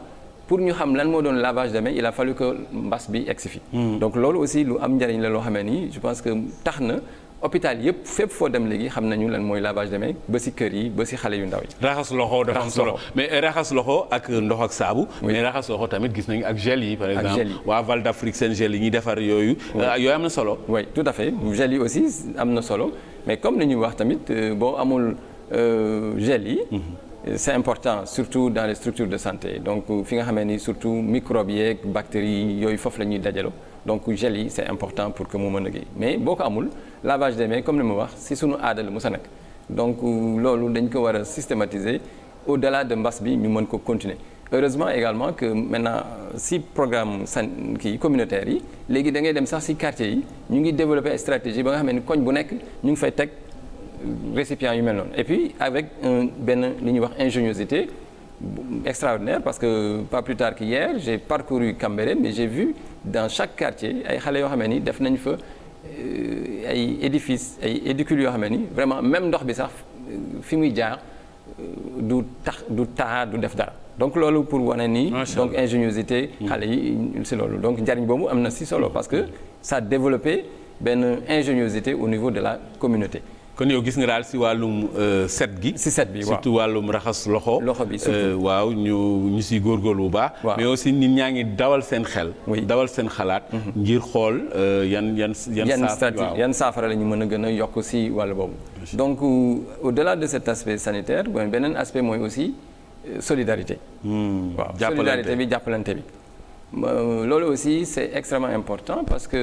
pour ñu xam lan moo doon lavage de main il a fallu que mbas bi egsi fi hmm. donc loolu aussi lu am njëriñ la loo xamee ni je pense que tax na hôpital yëpp fépp foo dem léegi xam nañu lan mooy lavage de main ba ci kër yi ba si xale yu ndaw yi. raxas loxo dafa solo mais raxas loxo ak ndox ak saabu. mais raxas loxo tamit gis nañu ak gel yi. par exemple waa Val d'Afrique seen gel yi ñuy defar yooyu. Euh, yooyu am na solo. oui tout à fait gel yi aussi am na solo mais comme ni ñuy wax tamit euh, boo amul euh, gel yi. Hmm. Euh, c'est important surtout dans les structures de santé donc euh, fi nga xamee ni surtout microbes yeeg bactéries yooyu foofu la ñuy dajaloo donc gel yi c'est important pour que mu mën a gi mais boo ko amul lavage des mains comme ni mu wax si sunu aada la mu sa nag donc euh, loolu dañ ko war a systématiser au la de mbas bi ñu mën ko continuer heureusement également que maintenant si programme san kii communautaire yi léegi dangay dem sax si quartier yi ñu ngi développer ay ba nga xam ne koñ bu nekk ñu ngi fay teg récipients yu mel noonu et avec benn li ñuy wax ingéniosité extraordinaire parce que pas plus tard qu'hier j'ai parcouru Cambérène mais j'ai vu dans chaque quartier ay xale yoo xam ne ni def nañ fa euh, ay édifices ay édicules yoo xam ne ni vraiment même ndox bi sax euh, fi muy jaar euh, du tax du taa du def dara donc loolu pour wane nii donc ingéniosité mm. xale yi si loolu donc njariñ boobu am na si solo parce que ça a développé benn ingéniosité au niveau de la communauté kon yow gis nga daal si wàllum euh, set gi. si set bi waaw surtout wàllum raxas loxo. loxo bi surtout euh, waaw ñu ñu si góor bu baax. mais aussi nit ñaa ngi dawal seen xel. dawal seen xalaat. Mhm. ngir xool euh, yan yan yan. saafara yan saafara la mën a gën a yokk si wàll boobu. donc au delà de cet aspect sanitaire beneen aspect mooy aussi solidarité. Hmm. waaw solidarité bi jàppalante bi. loolu aussi c'est extrêmement important parce que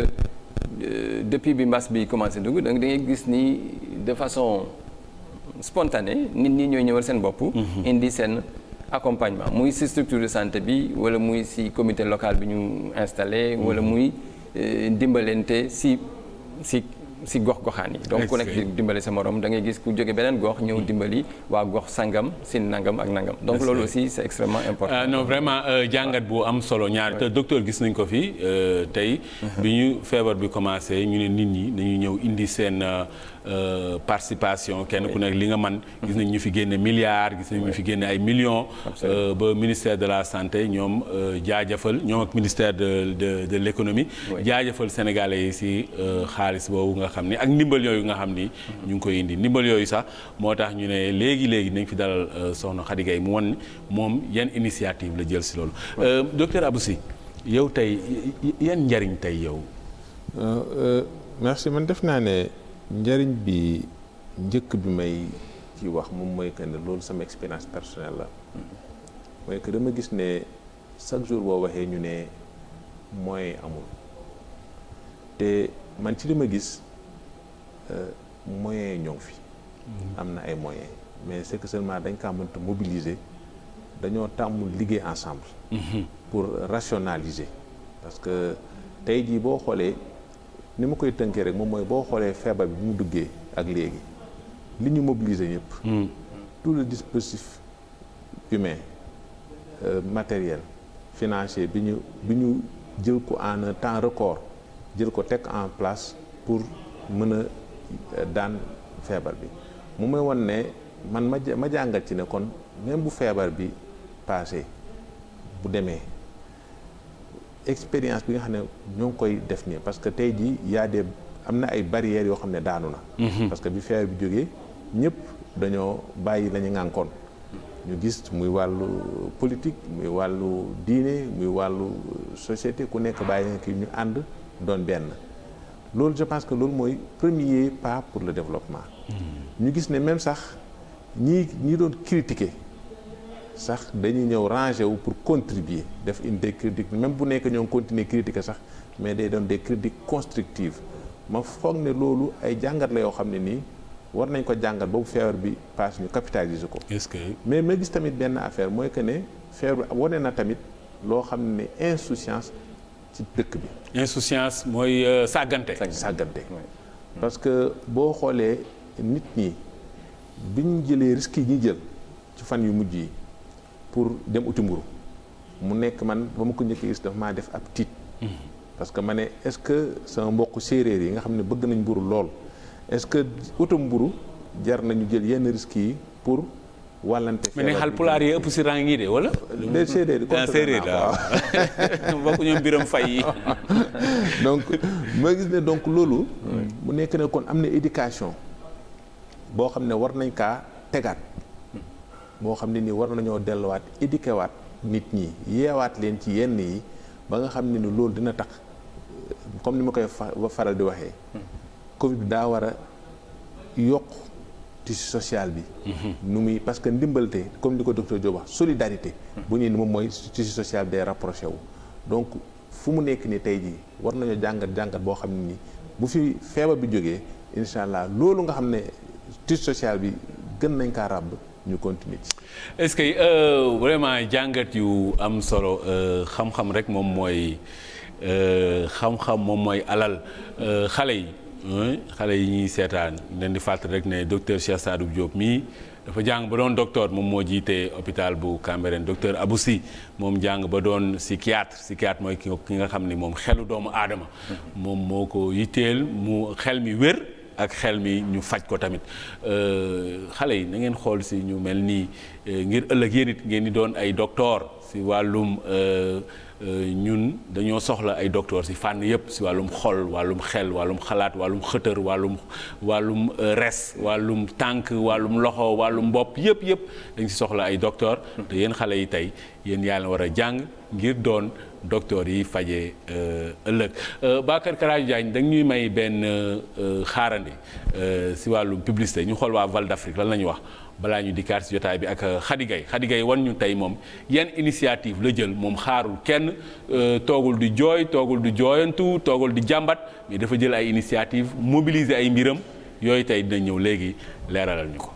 euh, depuis bi mbas bi commencé dugg da ngay gis ni de façon spontanée nit ñi ñooy ñëwal seen bopp. Mhm. indi seen accompagnement muy si structure de santé bi wala muy si commité locale bi ñu installé. Mhm. wala muy euh, dimbalante si si. si gox goxaan yi donc ku nekk di dimbali sa morom da ngay gis ku jóge beneen gox ñëw mhm. dimbali waa gox sangam si nangam ak nangam donc loolu aussi c'est extrêmement important euh, vraiment euh, jàngat bu am solo ñaar te docteur gis nañ ko fi euh, tey bi ñu feebar bi commencé ñu ne nit ñi dañuy ñëw indi seen Euh, participation kenn ku nekk li nga man gis nañ ñu fi génne milliards gis nañ ñu fi génne ay millions euh, ba ministère de la santé ñoom euh, jaajafal ñoom ak ministère de de de l'économie jaajëfal sénégalais yi si xaalis boobu nga xam ni ak ndimbal yooyu nga xam ni ñu ngi koy indi ndimbal yooyu sax moo tax ñu ne léegi léegi nañ fi dalal soxna Khady Gaye mu wan moom yan initiative la jël si loolu docteur Abou yow tey yan njariñ tey yow merci man def naa ne njëriñ bi njëkk bi may ci wax moom mooy que ne loolu sama expérience personnel la mooy que dama gis ne chaque jour boo waxee ñu ne moyen amul te man ci li ma gis euh, moyen ñoo ngi fi mm-hmm. am na ay moyen mais c'est que seulement dañ kaa mënta mobiliser dañoo tàmmul liggéey ensemble mm-hmm. pour rationaliser parce que tey jii boo xoolee ni ma koy tënkee rek moom mooy boo xoolee feebar bi bu mu duggee ak léegi li ñu mobiliser ñëpp. Hmm. tout le dispositif humain euh, matériel financier bi ñu bi ñu jël ko en un temps record jël ko teg en place pour mën a euh, daan feebar bi mu may wan ne man ma ma jàngat ci ne kon même bu feebar bi passé bu demee. expérience bi nga xam ne ñoo ngi koy def nii parce que tey jii y a am na ay barrières yoo xam ne daanu na. Mhm. parce que bi feebar bi jógee ñëpp dañoo bàyyi la ngànkoon ñu gis muy wàllu politique muy wàllu diine muy wàllu société ku nekk bàyyi na ki ñu ànd doon benn loolu je pense que loolu mooy premier pas pour le développement. Mhm. ñu gis ne même sax ñi ñi doon critiquer. sax dañuy ñëw rangé wu pour contribuer def une des critiques même bu nekk ñoom ngi continuer critique sax mais day doon des critiques constructives ma foog ne loolu ay jàngat la yoo xam ne nii war nañ ko jàngat boobu feebar bi passe ñu capitaliser ko. est-ce que mais ma gis tamit benn affaire mooy que ne feebar bi wane na tamit loo xam ne insouciance ci dëkk bi. insouciance mooy euh, sàggante. sàggante parce que boo xoolee nit ñi biñ jëlee risques yi ñuy jël ci fan yu mujj yi. pour dem uti mburu mu nekk man ba ma ko njëkkee gis dafa maa def ab tiit parce que ma ne est-ce que sama mbokk séeréer yi nga xam ne bëgg nañ mburu lool est-ce que utam mburu jar nañu jël yenn risques yi pour wàllante mais ne xal pulaar yi de wala de séeréer ah, séeréer waaw bokk ñoom mbiram fay yi donc ma gis ne donc loolu mu nekk ne kon am na éducation boo xam ne war nañ kaa tegaat boo xam ne nii war nañoo delluwaat éduqué waat nit ñi yeewaat leen ci yenn yi ba nga xam ne ni loolu dina tax comme ni ma koy faral di waxee. Covid bi daa war a yokk tissu social bi. Mhm. nu muy parce que ndimbalte comme ni ko docteur Diop wax solidarité. bu ni moom mooy tissu social bi day rapproché wu. donc fu mu nekk nii tey jii war nañoo jàngat jàngat boo xam ne nii bu fi feebar bi jógee incha allah loolu nga xam ne tissu social bi gën nañ kaa ràbb. ñu continuer ci. est-ce que euh, vraiment jàngat yu am solo euh, xam-xam rek moom mooy euh, xam-xam moom mooy alal euh, xale yi xale yi ñuy seetaan leen di fàttali rek ne docteur Cheikh Sadou Diop mii. dafa jàng ba doon docteur moom moo jiite hôpital bu Cambérène docteur Abou Sy moom jàng ba doon psychiatre psychiatre mooy ki nga xam ni moom xelu doomu aadama hmm. moom moo ko yitteel mu xel mi wér ak xel mi ñu faj ko tamit euh, xale yi na ngeen xool si ñu mel nii euh, ngir ëllëg yéen it ngeen di doon ay docteur si wàllum euh, ñun dañoo soxla ay docteur si fànn yëpp si wàllum xol wàllum xel wàllum xalaat wàllum xëtër wàllum wàllum res wàllum tànk wàllum loxo wàllum mbopp yëpp yëpp dañ si soxla ay docteur hmm. te yéen xale yi tey yéen yaa la war a jàng ngir doon docteur yi fajee euh, ëllëg euh, Bakar Karajo Diagne da ñuy may benn euh, xaarandi si wàllu publicité ñu xool waa Val d'Afrique lan la ñuy wax balaa ñu dikkaat si jotaay bi ak Khady Gaye Khady wan ñu tey moom yan initiative la jël moom xaarul kenn toogul di jooy toogul di jooyantu toogul di jàmbat mais dafa jël ay initiative mobiliser ay mbiram yooyu tey dina ñëw léegi leeralal ñu ko.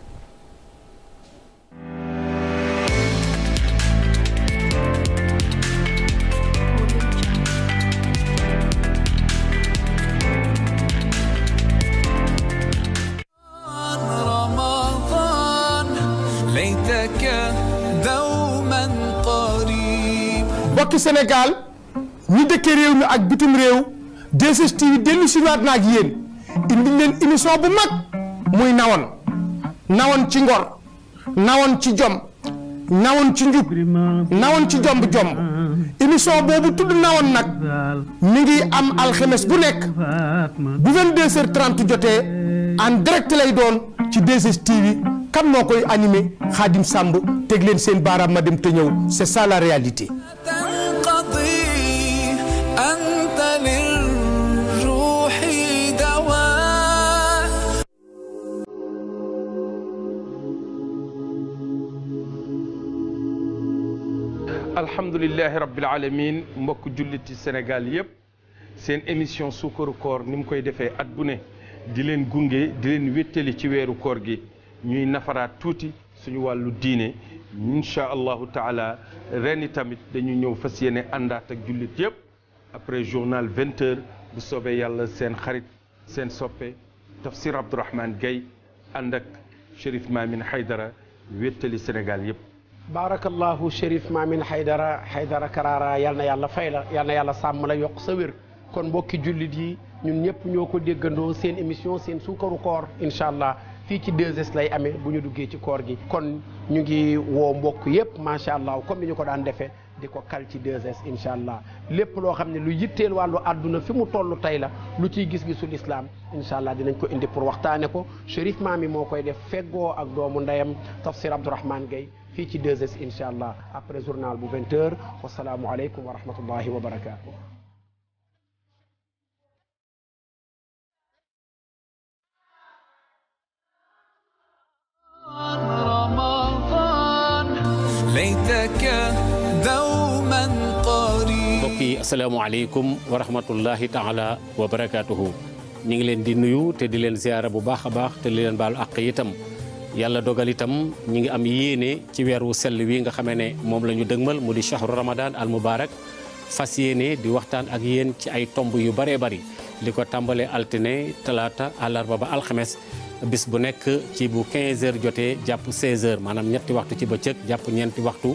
mbokki Sénégal ñu dëkkee réew mi ak bitim réew 2STV dellu si waat na ak yéen indi leen émission bu mag muy nawoon nawoon ci ngor nawoon ci jom nawoon ci njub nawoon ci jomb jomb émission boobu tudd nawoon nag mi ngi am alxemes bu nekk bu 22h30 jotee en direct lay doon ci 2STV kan moo koy anime Khadim Samb teg leen seen baaraam ma dem te ñëw c'est ça réalité alhamdulillahi rabbil alamin mbokk julliti Sénégal yëpp seen émission suukaru koor ni koy defee at bu ne di leen gunge di leen wéttali ci weeru koor gi ñuy nafaraat tuuti suñu wàllu diine incha allahu taala ren tamit dañu ñëw fas yéene àndaat ak jullit yëpp après journal 20 bu soobee yàlla seen xarit seen soppe tafsir Abdourahmane Gaye ànd ak Chérif Mamine Haydara wéttali Sénégal yëpp baarakallahu Chérif Mamine Haydara Haydara Karara yal na yàlla fay la yal na yàlla sàmm la yokk sa wér kon mbokki jullit yi ñun ñëpp ñoo ko déggandoo seen émission seen suukaru koor incha allah fii ci 2 lay amee bu ñu duggee ci koor gi kon ñu ngi woo mbokk yëpp macha allah comme ni ñu ko daan defee di ko kal ci 2S incha allah lépp loo xam ne lu yitteel wàllu àdduna fi mu toll tey la lu ciy gis-gisu lislaam incha allah dinañ ko indi pour waxtaane ko Chérif Mamine moo koy def feggoo ak doomu ndeyam tafsir Abdourahmane Gueye fii ci 2S incha allah après journal bu 20h wasalaamualeykum wa rahmatullahi wa barakaatu. mbokk yi asalaamaaleykum wa rahmatullahi taala wa barakaatuhu ñu ngi leen di nuyu te di leen ziara bu baax a baax te di leen baalu àq itam yàlla dogal itam ñu ngi am yéene ci weer wu sell wi nga xamee ne moom la ñu dëgmal mu di shahru ramadan al mubarak fas yéene di waxtaan ak yéen ci ay tomb yu bëree bëri li ko tàmbalee altine talaata àllarba ba alxames bis bu nekk ci bu 15 heures jotee jàpp 16 heures maanaam ñetti waxtu ci bëccëg jàpp ñeenti waxtu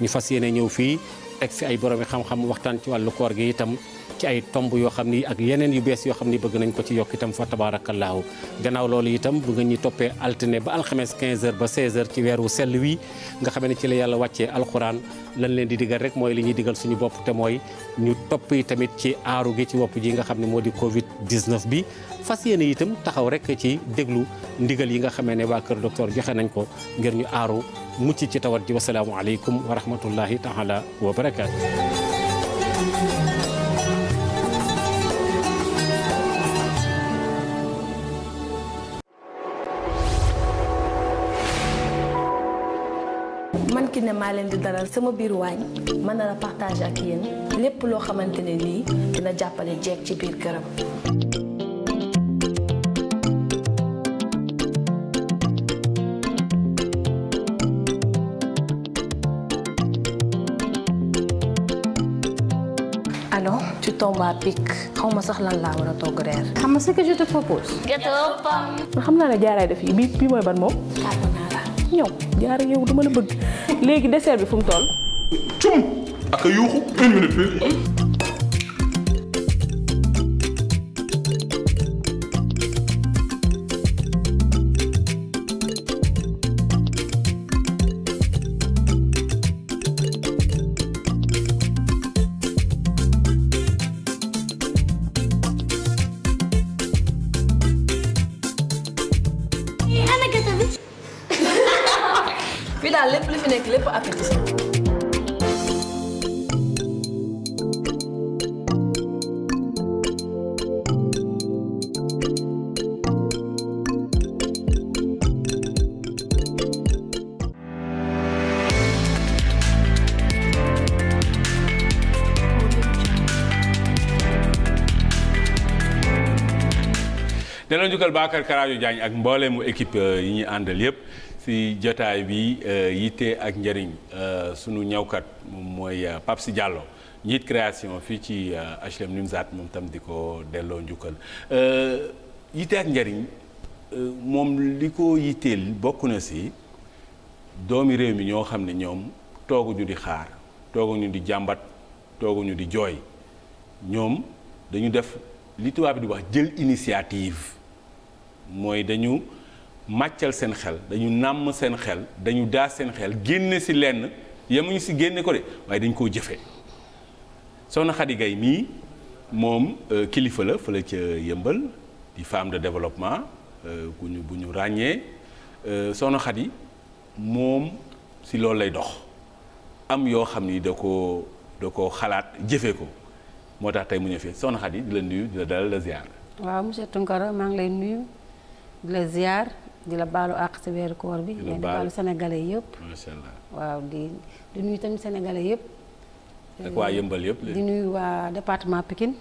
ñu fas yéene ñëw fii teg fi ay boroomi xam-xam waxtaan ci wàllu koor gi itam ci ay tomb yoo xam ni ak yeneen yu bees yoo xam ni bëgg nañ ko ci yokk itam fa tabaarakallaahu gannaaw loolu itam bu nga ñu toppee altine ba alxames 15h ba 16h weer weeru sell wi nga xam ne ci la yàlla wàccee alxuraan lan leen di digal rek mooy li ñuy digal suñu bopp te mooy ñu topp yi tamit ci aaru gi ci wopp ji nga xam ne moo di Covid 19 bi fas yéene itam taxaw rek ci déglu ndigal yi nga xame ne waa kër docteur joxe nañ ko ngir ñu aaru mucc ci tawat ji wasalaamu aleykum wa rahmatullahi taala wa barakaatu. laa sama biir waañ mën na la partager ak yéen lépp loo xamante ne nii dina jàppale jeeg ci biir këram. alors tu tombes xaw ma sax lan laa war a togg xam nga naa ne jaaraay def yi bii mooy ban moom. ñëw jaar yow dama a bëgg léegi dessert bi fu mu toll. cum ak a yuuxu une minute jaajëfal Bakar Karajo jaañ ak mbooleemu équipe euh, yi ñuy àndal yëpp si jotaay bi euh, yitte ak njëriñ euh, sunu ñawkat moom mooy Pape Si Diallo njiit création fii ci HLM Nimzat moom tam di ko delloo njukkal yitte ak njëriñ moom li ko yitteel bokk na si doomi réew mi ñoo xam ne ñoom tooguñu di xaar tooguñu di jàmbat tooguñu di jooy ñoom dañu def li tubaab bi di wax jël initiative mooy dañu màccal seen xel dañu nàmm seen xel dañu daa seen xel génne si lenn yemuñu si génne ko de waaye dañ koo jëfee soxna Khady gay mii moom euh, kilifa la fële ca yëmbal di femme de développement euh, bu ñu bu ñu ràññee euh, soxna Khady moom si loolu lay dox am yoo xam ni da ko da ko xalaat jëfe ko moo tax tey mu ñëw fii soxna Khady di la nuyu di la dalal la ziar. waaw monsieur Tounkara maa ngi lay nuyu. di la ziar di la baalu àq si weeru koor bi. di baalu sénégalais yëpp. macha allah waaw di di nuyu tamit sénégalais yëpp. ak waa yëmbal yëpp di nuyu waa département Pikine.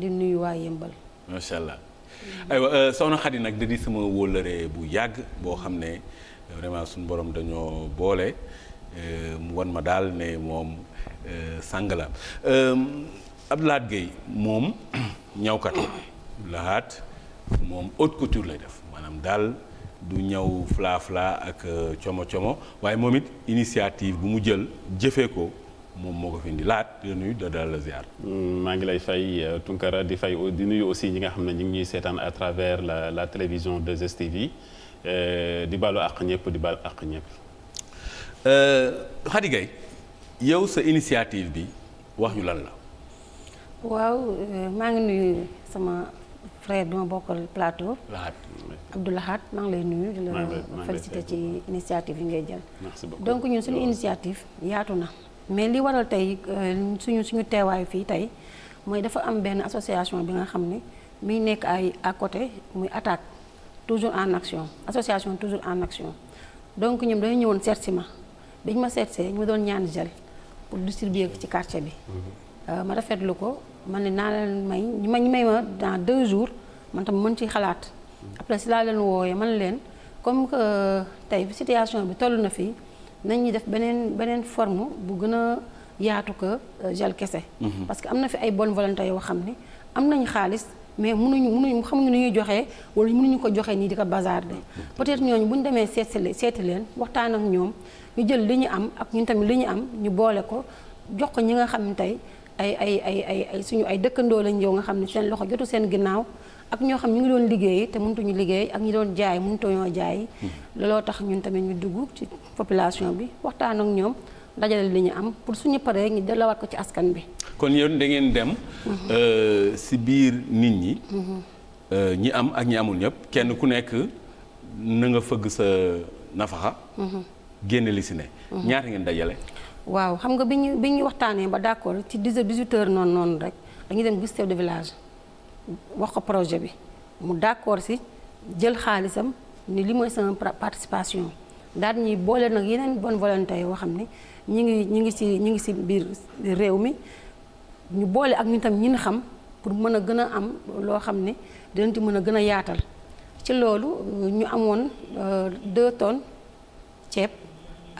di nuyu waa yëmbal. macha allah aywa euh, soxna Khady nag da sama wóllëre bu yàgg boo xam ne euh, vraiment suñu borom dañoo boole euh, mu ma daal ne moom sàng la moom ñawkat la. Laat. moom haute couture lay def maanaam daal du ñëw fla fla ak euh, como como waaye moom it initiative bu mu jël jëfee ko moom moo ko fi indi laat di la nuyu da daal la ziar. Hmm, maa ngi lay fay euh, Tunkara di fay euh, di nuyu aussi ñi nga xam ne ñu ngi ñuy seetaan à travers la la télévision 2STV di baalu àq ñëpp di baal àq ñëpp. Khady yow sa initiative bi wax ñu lan la. waaw maa ngi nuyu sama. frère bi ma bokkal plateau. Abdoulahat maa ngi lay nuyu. di la ci initiative yi ngay jël. donc ñun suñu initiative yaatu na. mais li waral tey euh, suñu suñu teewaayu fii tey mooy dafa am benn association bi nga xam ne muy nekk ay à côté muy attaque toujours en action association toujours en action donc ñoom day ñëwoon seet si ma biñ ma seetsee ñu ma doon ñaan gel pour distribuer ci quartier bi. Mm-hmm. Euh, ma rafetlu ko. man ne naa leen may ñi may ma dans deux jours man tam mën ci xalaat après si laa leen wooyee man leen comme que euh, tey situation bi toll na fii nañ ñi def beneen beneen forme bu gën a yaatu ko euh, gel kese. Mhm. parce que am na fi ay bonne volonté yoo xam ni am nañ xaalis mais mënuñu mënuñu xamuñu nu ñuy joxee wala mënuñu ko joxee nii di ko bazarder mhm. peut-être ñooñu bu ñu demee seet seeti leen waxtaan ak ñoom ñu jël li ñu am ak ñun tamit li ñu am ñu boole ko jox ko ñi nga xam ne tey. ay ay ay ay ay suñu ay dëkkandoo lañ yow nga xam ne seen loxo jotu seen ginnaaw ak ñoo xam ñu ngi doon liggéey te mënutuñu liggéey ak ñi doon jaay mënutuñoo jaay. Hmm. looloo tax ñun tamit ñu dugg ci population bi waxtaan ak ñoom dajale li ñu am pour suñu paree ñu delloowaat ko ci askan bi. kon yow da ngeen dem. Hmm. Euh, si biir nit ñi. Hmm. Euh, ñi am ak ñi amul ñëpp kenn ku nekk na fëgg sa nafaxa. génne li si ne. ñaata ngeen dajale. waaw xam nga bi ñu bi ñu waxtaanee ba d'accord ci 10h noonu noonu rek dañuy dem gis chef de village wax ko projet bi mu d'accord si jël xaalisam ni li mooy sama participation daal ñuy boole nag yeneen bonne volonté yoo xam ne ñu ngi ñu ngi si ñu ngi si biir réew mi ñu boole ak ñun tam ñun xam pour mën a gën a am loo xam ne dinañ ci mën a gën a yaatal ci loolu ñu amoon euh, deux tonnes ceeb.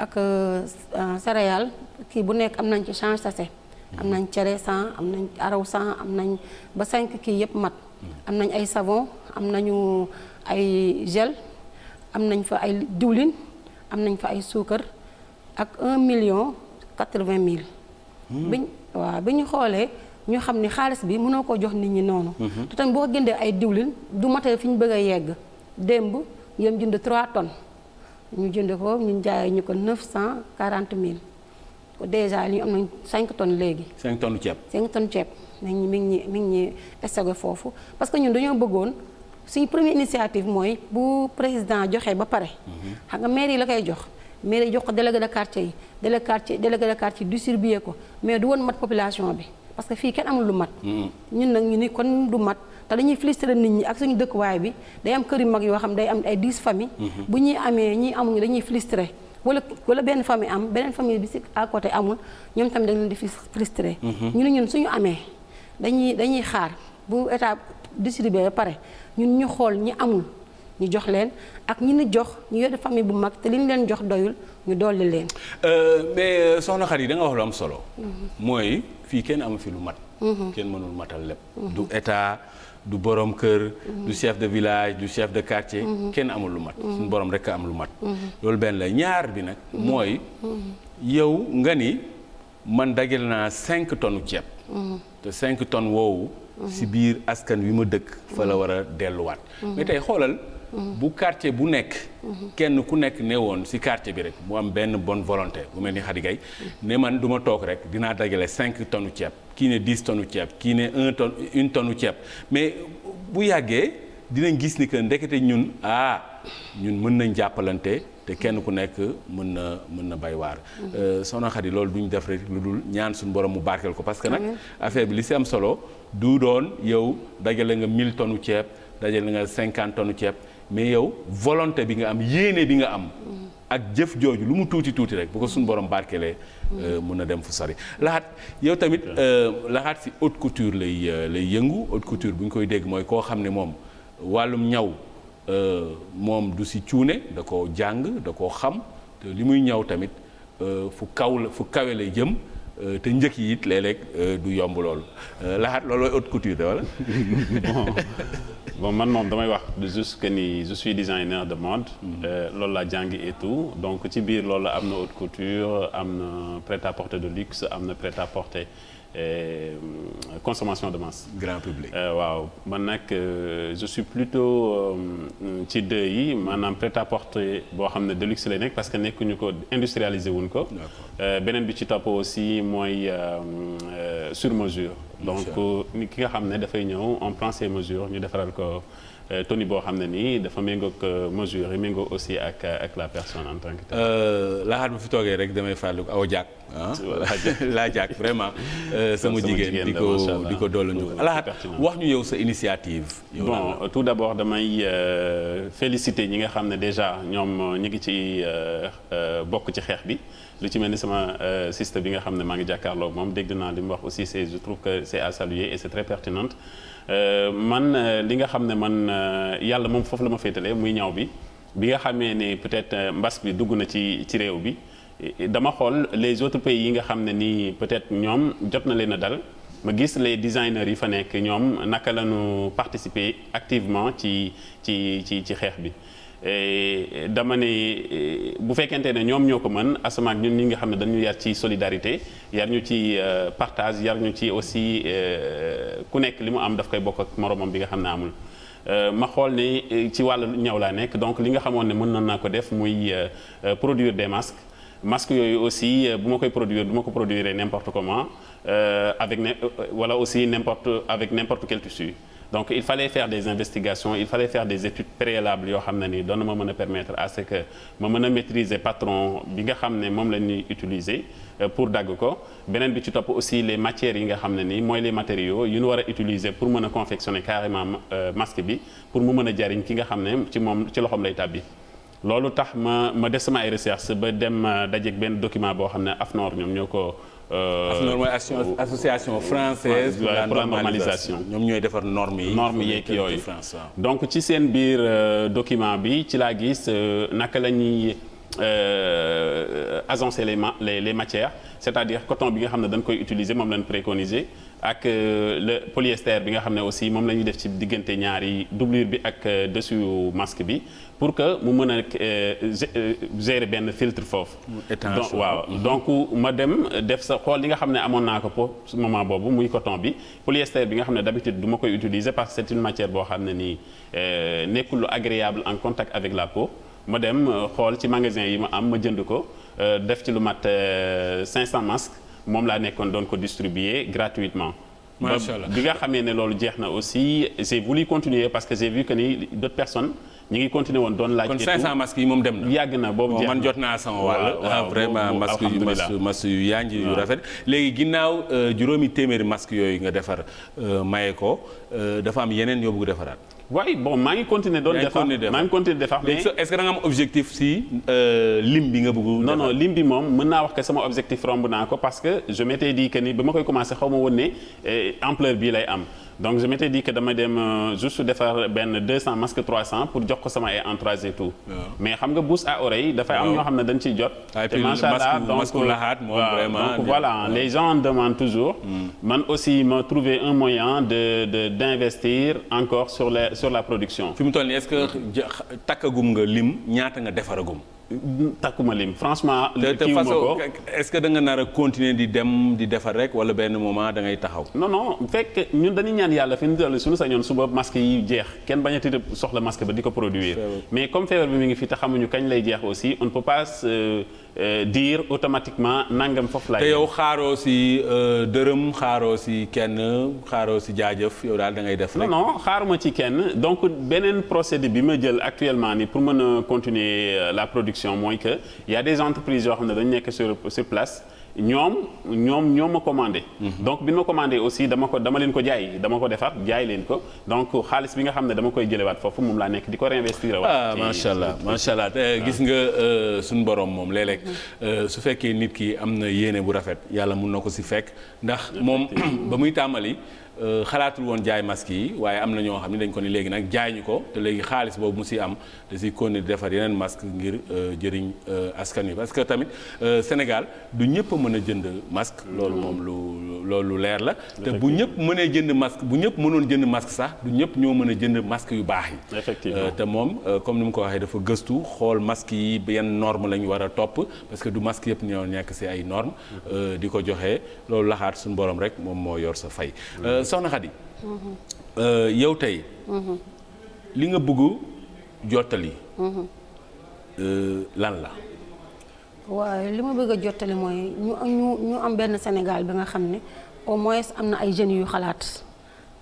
ak euh, céréales kii bu nekk am nañ ci chance sachet am nañ cere 100 am nañ araw 100 am nañ ba cinq kii yëpp mat am nañ ay savon am nañu ay gel am nañ fa ay diwlin am nañ fa ay suukar ak un million 80 mille hmm. biñ waaw bi ñu xoolee ñu xam ni xaalis bi mënoo ko jox nit ñi noonu hmm. te tamit boo gëndee ay diwlin du matee fi ñu bëgg a yegg démb ngeen jënd 3 tonnes ñu jënd ko ñun jaay ñu ko neuf cent quarante mille dèjà li ñu am nañ cinq tonnes léegi. cinq tonnes ceeb. cinq tonnes ceeb nañ ñu mi ngi mi ngi stocké foofu parce que ñun dañoo bëggoon suñu premier initiative mooy bu président joxe ba pare. Mhm. xam nga maire yi la koy jox. maire jox ko délégué de quartier yi délégué quartier délégué de quartier distribué ko mais du woon mat population bi parce que fii kenn amul lu mat. Mhm. ñun nag ñu ni kon du mat. te dañuy frustré nit ñi ak suñu dëkkuwaay bi day am kër yu mag yoo xam day am ay dix famille mhm. bu ñuy amee ñi amuñu dañuy frustré wala wala benn famille am beneen famille bi si à côté amul ñoom tamit dañ leen di frustré mhm. ñu ne ñun suñu amee dañuy dañuy xaar bu état distribué ba pare ñun ñu xool ñi amul ñu jox leen ak ñi ñu jox ñu yor famille bu mag te li ñu leen jox doyul ñu dolli leen. Euh, mais euh, soxna xar yi da nga wax lu am solo. Mhm. mooy fii kenn amu fi lu mat. kenn mënul matal lépp. du état du borom kër. du chef de village du chef de quartier. kenn amul lu mat. suñu borom rek am lu mat. loolu benn la ñaar bi nag. mooy yow nga ni man dagel naa cinq tonnes ceeb. te cinq tonnes woowu. si biir askan wi ma dëkk. fa la war a delluwaat. mais tey xoolal. bu quartier bu nekk. kenn ku nekk ne woon ci quartier bi rek mu am benn bonne volonté bu mel ni Khady Gaye ne man duma toog rek dinaa dajale cinq tonnes ceeb kii ne dix tonnes ceeb kii ne un une tonne ceeb mais bu yàggee dinañ gis ni que ndekete ñun ah ñun mën nañ jàppalante. te kenn ku nekk mën na mën na bay waar. Euh, soxna Khady loolu du ñu def rek lu dul ñaan suñu borom mu barkeel ko parce que nag affaire bi li si am solo du doon yow dajale nga 1000 tonnes ceeb dajale nga 50 tonnes ceeb. mais yow volonté bi nga am yéene bi nga am. ak jëf jooju lu mu tuuti tuuti rek bu ko suñu borom barkelee. Euh, mun a dem fu sari laxaat yow tamit euh, laxaat si haute couture lay euh, lay yëngu haute couture bu ñu koy dégg mooy koo xam ne moom wàllum ñaw moom du si cuune da koo jàng da koo xam li muy ñaw tamit fu kaw la fu kawe lay jëm. Euh, te njëkk yi it léeg-léeg euh, du yomb loolu euh, laxaat loolooy haute couture wala. bon man moom damay wax juste que ni je suis designer de mode. Mm-hmm. loolu laa jàngi et tout donc ci biir loolu am na haute couture am na prêt à porter de luxe am na prêt à porter. Euh, consommation de masse. grand public euh, waaw man nag euh, je suis plutôt ci deux yi maanaam prêt à boo xam ne de luxe lay nekk parce que nekkuñu ko industrialisé wuñ ko. beneen bi ci topp aussi mooy sur mesure. donc ki nga xam ne dafay ñëw on prend ses mesures ñu defaral ko. Euh, toni boo xam ne nii dafa méngoog euh, mesure yi méngoo aussi ak ak la personne en tant que telle. Euh, laaxaat ma fi toogee rek damay fàttaliku aw jàkk laa jàkk vraiment. sama jigéen di ko di ko doole ñu laaxaat wax ñu yow sa initiative. bon tout d'abord damay féliciter ñi nga xam ne déjà ñoom ñi ngi ci bokk ci xeex bi. lu ci mel ni sama système bi nga xam ne maa ngi jàkkaarloog moom dégg naa li mu wax aussi c'est je trouve que à saluer et c'est très pertinente. Euh, man euh, li nga xam ne man euh, yàlla moom foofu la ma féetale muy ñaw bi bi nga xamee ne peut-être mbas bi dugg na ci ci réew bi dama xool les autres pays yi nga xam ne nii peut-être ñoom jot na leen a dal ma gis les designers yi fa nekk ñoom naka la participer activement ci ci ci ci xeex bi Eh, dama ne eh, bu fekkente ne ñoom ñoo ko mën asamaak ñun ñi nga xam ne dañu yar ci solidarité yar ñu ci euh, partage yar ñu ci aussi euh, ku nekk li mu am daf koy bokk ak moromam bi nga xam ne amul. Euh, ma xool ne eh, ci wàll ñaw laa nekk donc li nga xamoon ne mën na naa ko def muy produire des masques masques yooyu aussi bu ma koy produire du ma ko produire n'importe comment avec ne wala aussi n'importe avec n'importe quel tissu. donc il fallait faire des investigations il fallait faire des études préalables yoo xam ne ni doon na ma mën a permettre à ce que ma mën a maîtriser patron bi nga xam ne moom la ñuy utiliser euh, pour dagg ko beneen bi ci topp aussi les matières yi nga xam ne ni mooy les matériaux yu ñu war a utiliser pour mën a confectionner carrément euh, masque bi pour mu mën a jariñ ki nga xam ne ci moom ci loxoom lay tàbbi. loolu tax ma ma des sama ay recherche ba dem euh, dajeeg benn document boo xam ne AFNOR ñoom ñoo ko. Euh, loolu mooy association française pour la normalisation ñoom ñooy defar normes yi. normes yeeg yooyu donc ci seen biir euh, document bi ci laa gis euh, naka la Euh, agencer les les les matières c'est-à-dire coton bi nga xam ne dañ koy utiliser moom lañ préconiser ak euh, le polyester bi nga xam ne aussi moom la ñuy def ci diggante ñaari doublure bi ak euh, dessus masque bi pour que mu mën a gérer benn filtre foofu. donc waaw mm-hmm. donc ma dem def sa xool li nga xam ne amoon naa ko pour moment boobu muy coton bi polyester bi nga xam ne d'habitude du ma koy utiliser parce que c'est une matière boo xam ne nii nekkul lu agréable en contact avec la peau. ma dem euh, xool ci magasin yi ma am ma jënd ko euh, def ci lu mat 500 euh, masques moom laa nekkoon doon ko distribuer gratuitement. macha allah bi nga xamee ne loolu jeex na aussi bu luy continuer parce que j'ai vu que ni d'autres personnes. ñu ngi continué woon doon laaj. kon 500 masques yi moom dem na yàgg na boobu jeex na man jot naa sama wàll. Ah, vraiment masques yu masques masques yu yànj yu rafet. léegi ginnaaw juróomi téeméeri masques yooyu nga defar maye ko dafa am yeneen yoo bëgg defaraat. waaye bon maa ngi continuer doon defar maa ngi continuer defar mais est-ce que da am objectif si euh, lim bi nga bëgg non non lim bi moom mën naa wax que sama objectif romb naa ko parce que je m'étais dit que ni ba ma koy commencer xaw ma woon ne eh, ampleur bi lay am donc je m'étais dit que dama dem euh, juste defar benn 200 masque 300 pour jox ko sama ay entrées et tout. mais xam nga bouche à oreille. dafay am ñoo xam ne dañ ciy jot. Ah, te macha allah donc donc voilà les gens en demandent toujours. Mm. man aussi ma trouver un moyen de de d'investir encore sur les sur la production. fi mu toll nii est-ce que takkagum nga lim ñaata nga defaragum. takkuma lim franchement. li ko est-ce que da nga nar a continuer di dem di defar rek wala benn moment da ngay taxaw. non non fekk ñun dañuy ñaan yàlla fi ñu toll suñu sañoon suba masque yi jeex kenn bañ a tëdd soxla masque ba di ko produire. mais comme feebar bi mi ngi fi te xamuñu kañ lay jeex aussi on ne peut pas euh, automatiquement nangam foofu laay. te yow xaaroo si euh, dërëm xaaroo si kenn xaaroo si jaajëf yow daal da ngay def. rek non non xaaruma ci kenn donc beneen a continuer euh, construction mooy que ya a des entreprises yoo xam ne dañ nekk sur sur place ñoom ñoom ñoo ma commandé. Mhm. donc bi ma commandé aussi dama ko dama leen ko jaay dama ko defar jaay leen ko donc xaalis bi nga xam ne dama koy waat foofu moom laa nekk di ko réinvestir. ah macha allah macha allah ah. eh, gis nga euh, suñu boroom moom léeg-léeg euh, su fekkee nit ki am na yéene bu rafet yàlla mun na ko si fekk ndax moom ba muy tàmbali. Euh, xalaatul woon jaay masque yi waaye am na ñoo xam ne dañ ko ni léegi nag jaay ñu ko te léegi xaalis boobu mu si am da siy kon ni defar yeneen masque ngir euh, jëriñ euh, askan wi parce que tamit euh, Sénégal du ñëpp a mën a jënd masque loolu moom lu loolu leer la te bu ñëpp mënee jënd masque bu ñëpp mënoon jënd masque sax du ñëpp ñoo mën a jënd masque yu baax yi effectivement te moom comme ni mu ko waxee dafa gëstu xool masque yi benn norme la ñu war a topp parce que du masque yëpp ñoo ñàkk si ay norme mm-hmm. di ko joxee loolu laxaat suñ borom rek moom moo yor sa fay mm-hmm. soxna Xadi mm-hmm. yow tey li nga bëgg jottali. Mhm. Euh, lan la. waaw li ma bëgg a jottali mooy ñu ñu am benn Sénégal bi nga xam ne au moins am na ay jeunes yu xalaat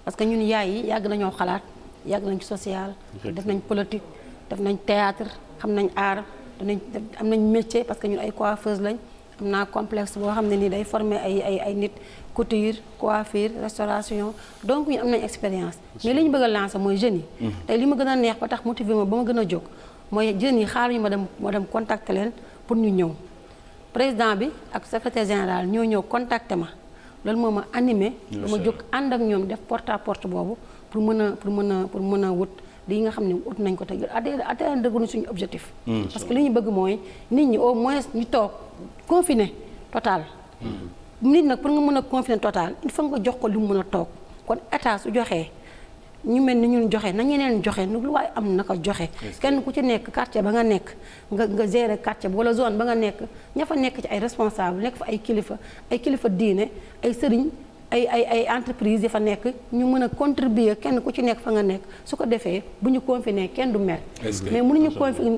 parce que ñun yaay yi yàgg nañoo xalaat yàgg nañ ci social. def nañ politique def nañ théâtre xam nañ art danañ am nañ métier parce que ñun ay coiffeuse lañ am naa complexe boo xam ne nii day former ay ay ay nit couture coiffure restauration donc ñu am nañ expérience mais li ñu bëgg a mooy jeunes yi mhm. tey li ma gën a neex ba tax motiver ma ba ma gën a jóg mooy jeunes yi xaaruñu ma dem ma dem contacter leen pour ñu ñëw président bi ak secrétaire général ñoo ñëw contacter ma loolu moo ma animé dama jóg ànd ak ñoom def porta porte boobu pour mën a pour mën a pour mën a wut lii nga xam ne ut nañ ko te atteindre dëgguñu suñu objectif mm, parce que li ñu bëgg mooy nit ñi au moins ñu toog confiné total mm-hmm. nit nag pour nga mën a confiance totale il faut nga jox ko lu mu mën a toog kon état su joxee ñu mel ni ñun joxe na ñeneen joxe nu am na ko joxe. kenn ku ci nekk quartier ba nga nekk nga nga gérer quartier wala zone ba nga nekk ña fa nekk ci ay responsable nekk fa ay kilifa ay kilifa diine ay sëriñ ay ay ay entreprise ya fa nekk ñu mën a contribuer kenn ku ci nekk fa nga nekk su ko defee bu ñu confiné kenn du mer. mais mënuñu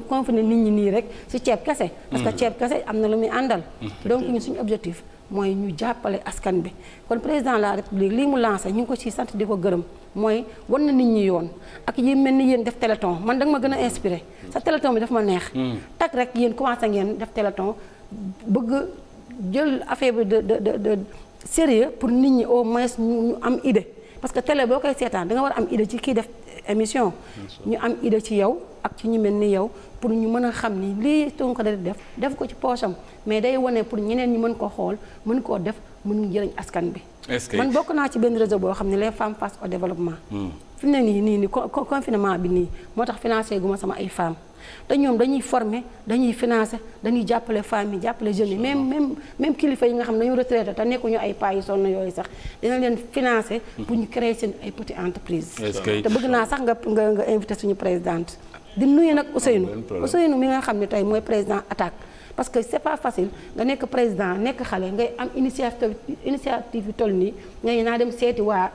confiné nit ñi nii rek ci ceeb kese. parce que ceeb kese am na lu muy àndal. donc ñun suñu objectif. mooy ñu jàppale askan bi kon président de la république lii mu lancé ñu ngi ko ciy sant di ko gërëm mooy wan na nit ñi yoon ak yi mel ni yéen def téléthon man danga ma gën a inspiré sa téléthon bi daf ma neex hmm. tak rek yéen commencé ngeen def téléthon bëgg jël affaire bi de de de sérieux pour nit ñi au moins ñu am idée parce que télé boo koy seetaan da war a am idée ci kii def émission ñu am idée ci yow ak ci ñu mel ni yow pour ñu mën a xam ni lii Sonko da def def ko ci poosam mais day wane pour ñeneen ñi mën ko xool mën koo def mën jëriñ askan bi. man bokk naa ci benn réseau boo xam ne les femmes face au développement. Hmm. fi mu ne nii nii nii bi nii moo tax financé gu ma sama ay femmes te ñoom dañuy former dañuy financer dañuy jàppale femmes yi jàppale jeunes yi même même même kilifa yi nga xam ne dañu retraité te nekkuñu ay paa yu yooyu sax dina leen financer. Hmm. pour ñu créer seen ay petite entreprise. te bëgg naa sax nga nga nga invité suñu présidente. di nuyu nag Ousseynou Ousseynou mi nga xam ne tey mooy président attaque parce que c'est pas facile nga nekk président nekk xale ngay am initiative initiative yu toll nii ngay naa dem seeti waa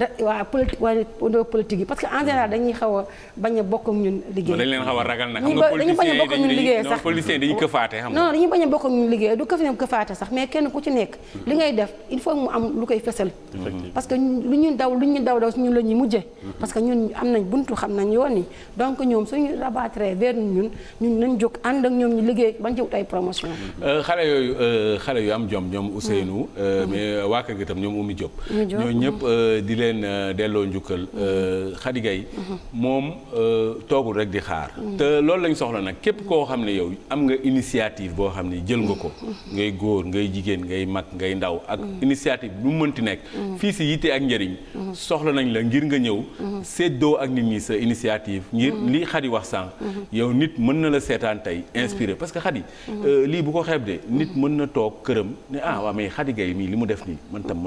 waa politique waa politique yi parce que en général dañuy xaw a bañ a bokk ak ñun liggéey. dañ a ragal nag xam nga policiers yi a bokk ak ñun liggéey du këf ñoom këfaate sax mais kenn ku ci nekk. Hmm. li ngay def il mu am lu koy fesal. parce que lu ñu daw lu ñu daw daw si ñun la mujjee. Hmm. parce que ñun am nañ buntu xam nañ yoon yi donc ñoom suñu rabattre vers ñun ñun nañ jóg ànd ñoom ñu liggéey bañ ci wut ay promotion. Euh, xale yooyu euh, xale yu am jom ñoom Ousseynou hmm. euh, mais waa kër gi ñoom Oumy Diop ñoo ñëpp leen euh, delloo njukkal euh, Khady Gaye moom euh, toogul rek di xaar te loolu lañ soxla nag képp koo xam ne yow am nga initiative boo xam ne jël nga ko ngay góor ngay jigéen ngay mag ngay ndaw ak initiative bu mu mënti nekk fii si yitte ak njëriñ soxla nañ la ngir nga ñëw séddoo ak nit ñi sa initiative ngir li Khady wax sànq yow nit mën na la seetaan tey inspiré parce que Khady lii bu ko xeeb de nit mën na toog këram ne ah waa mais Khady Gaye mii li mu def nii man tam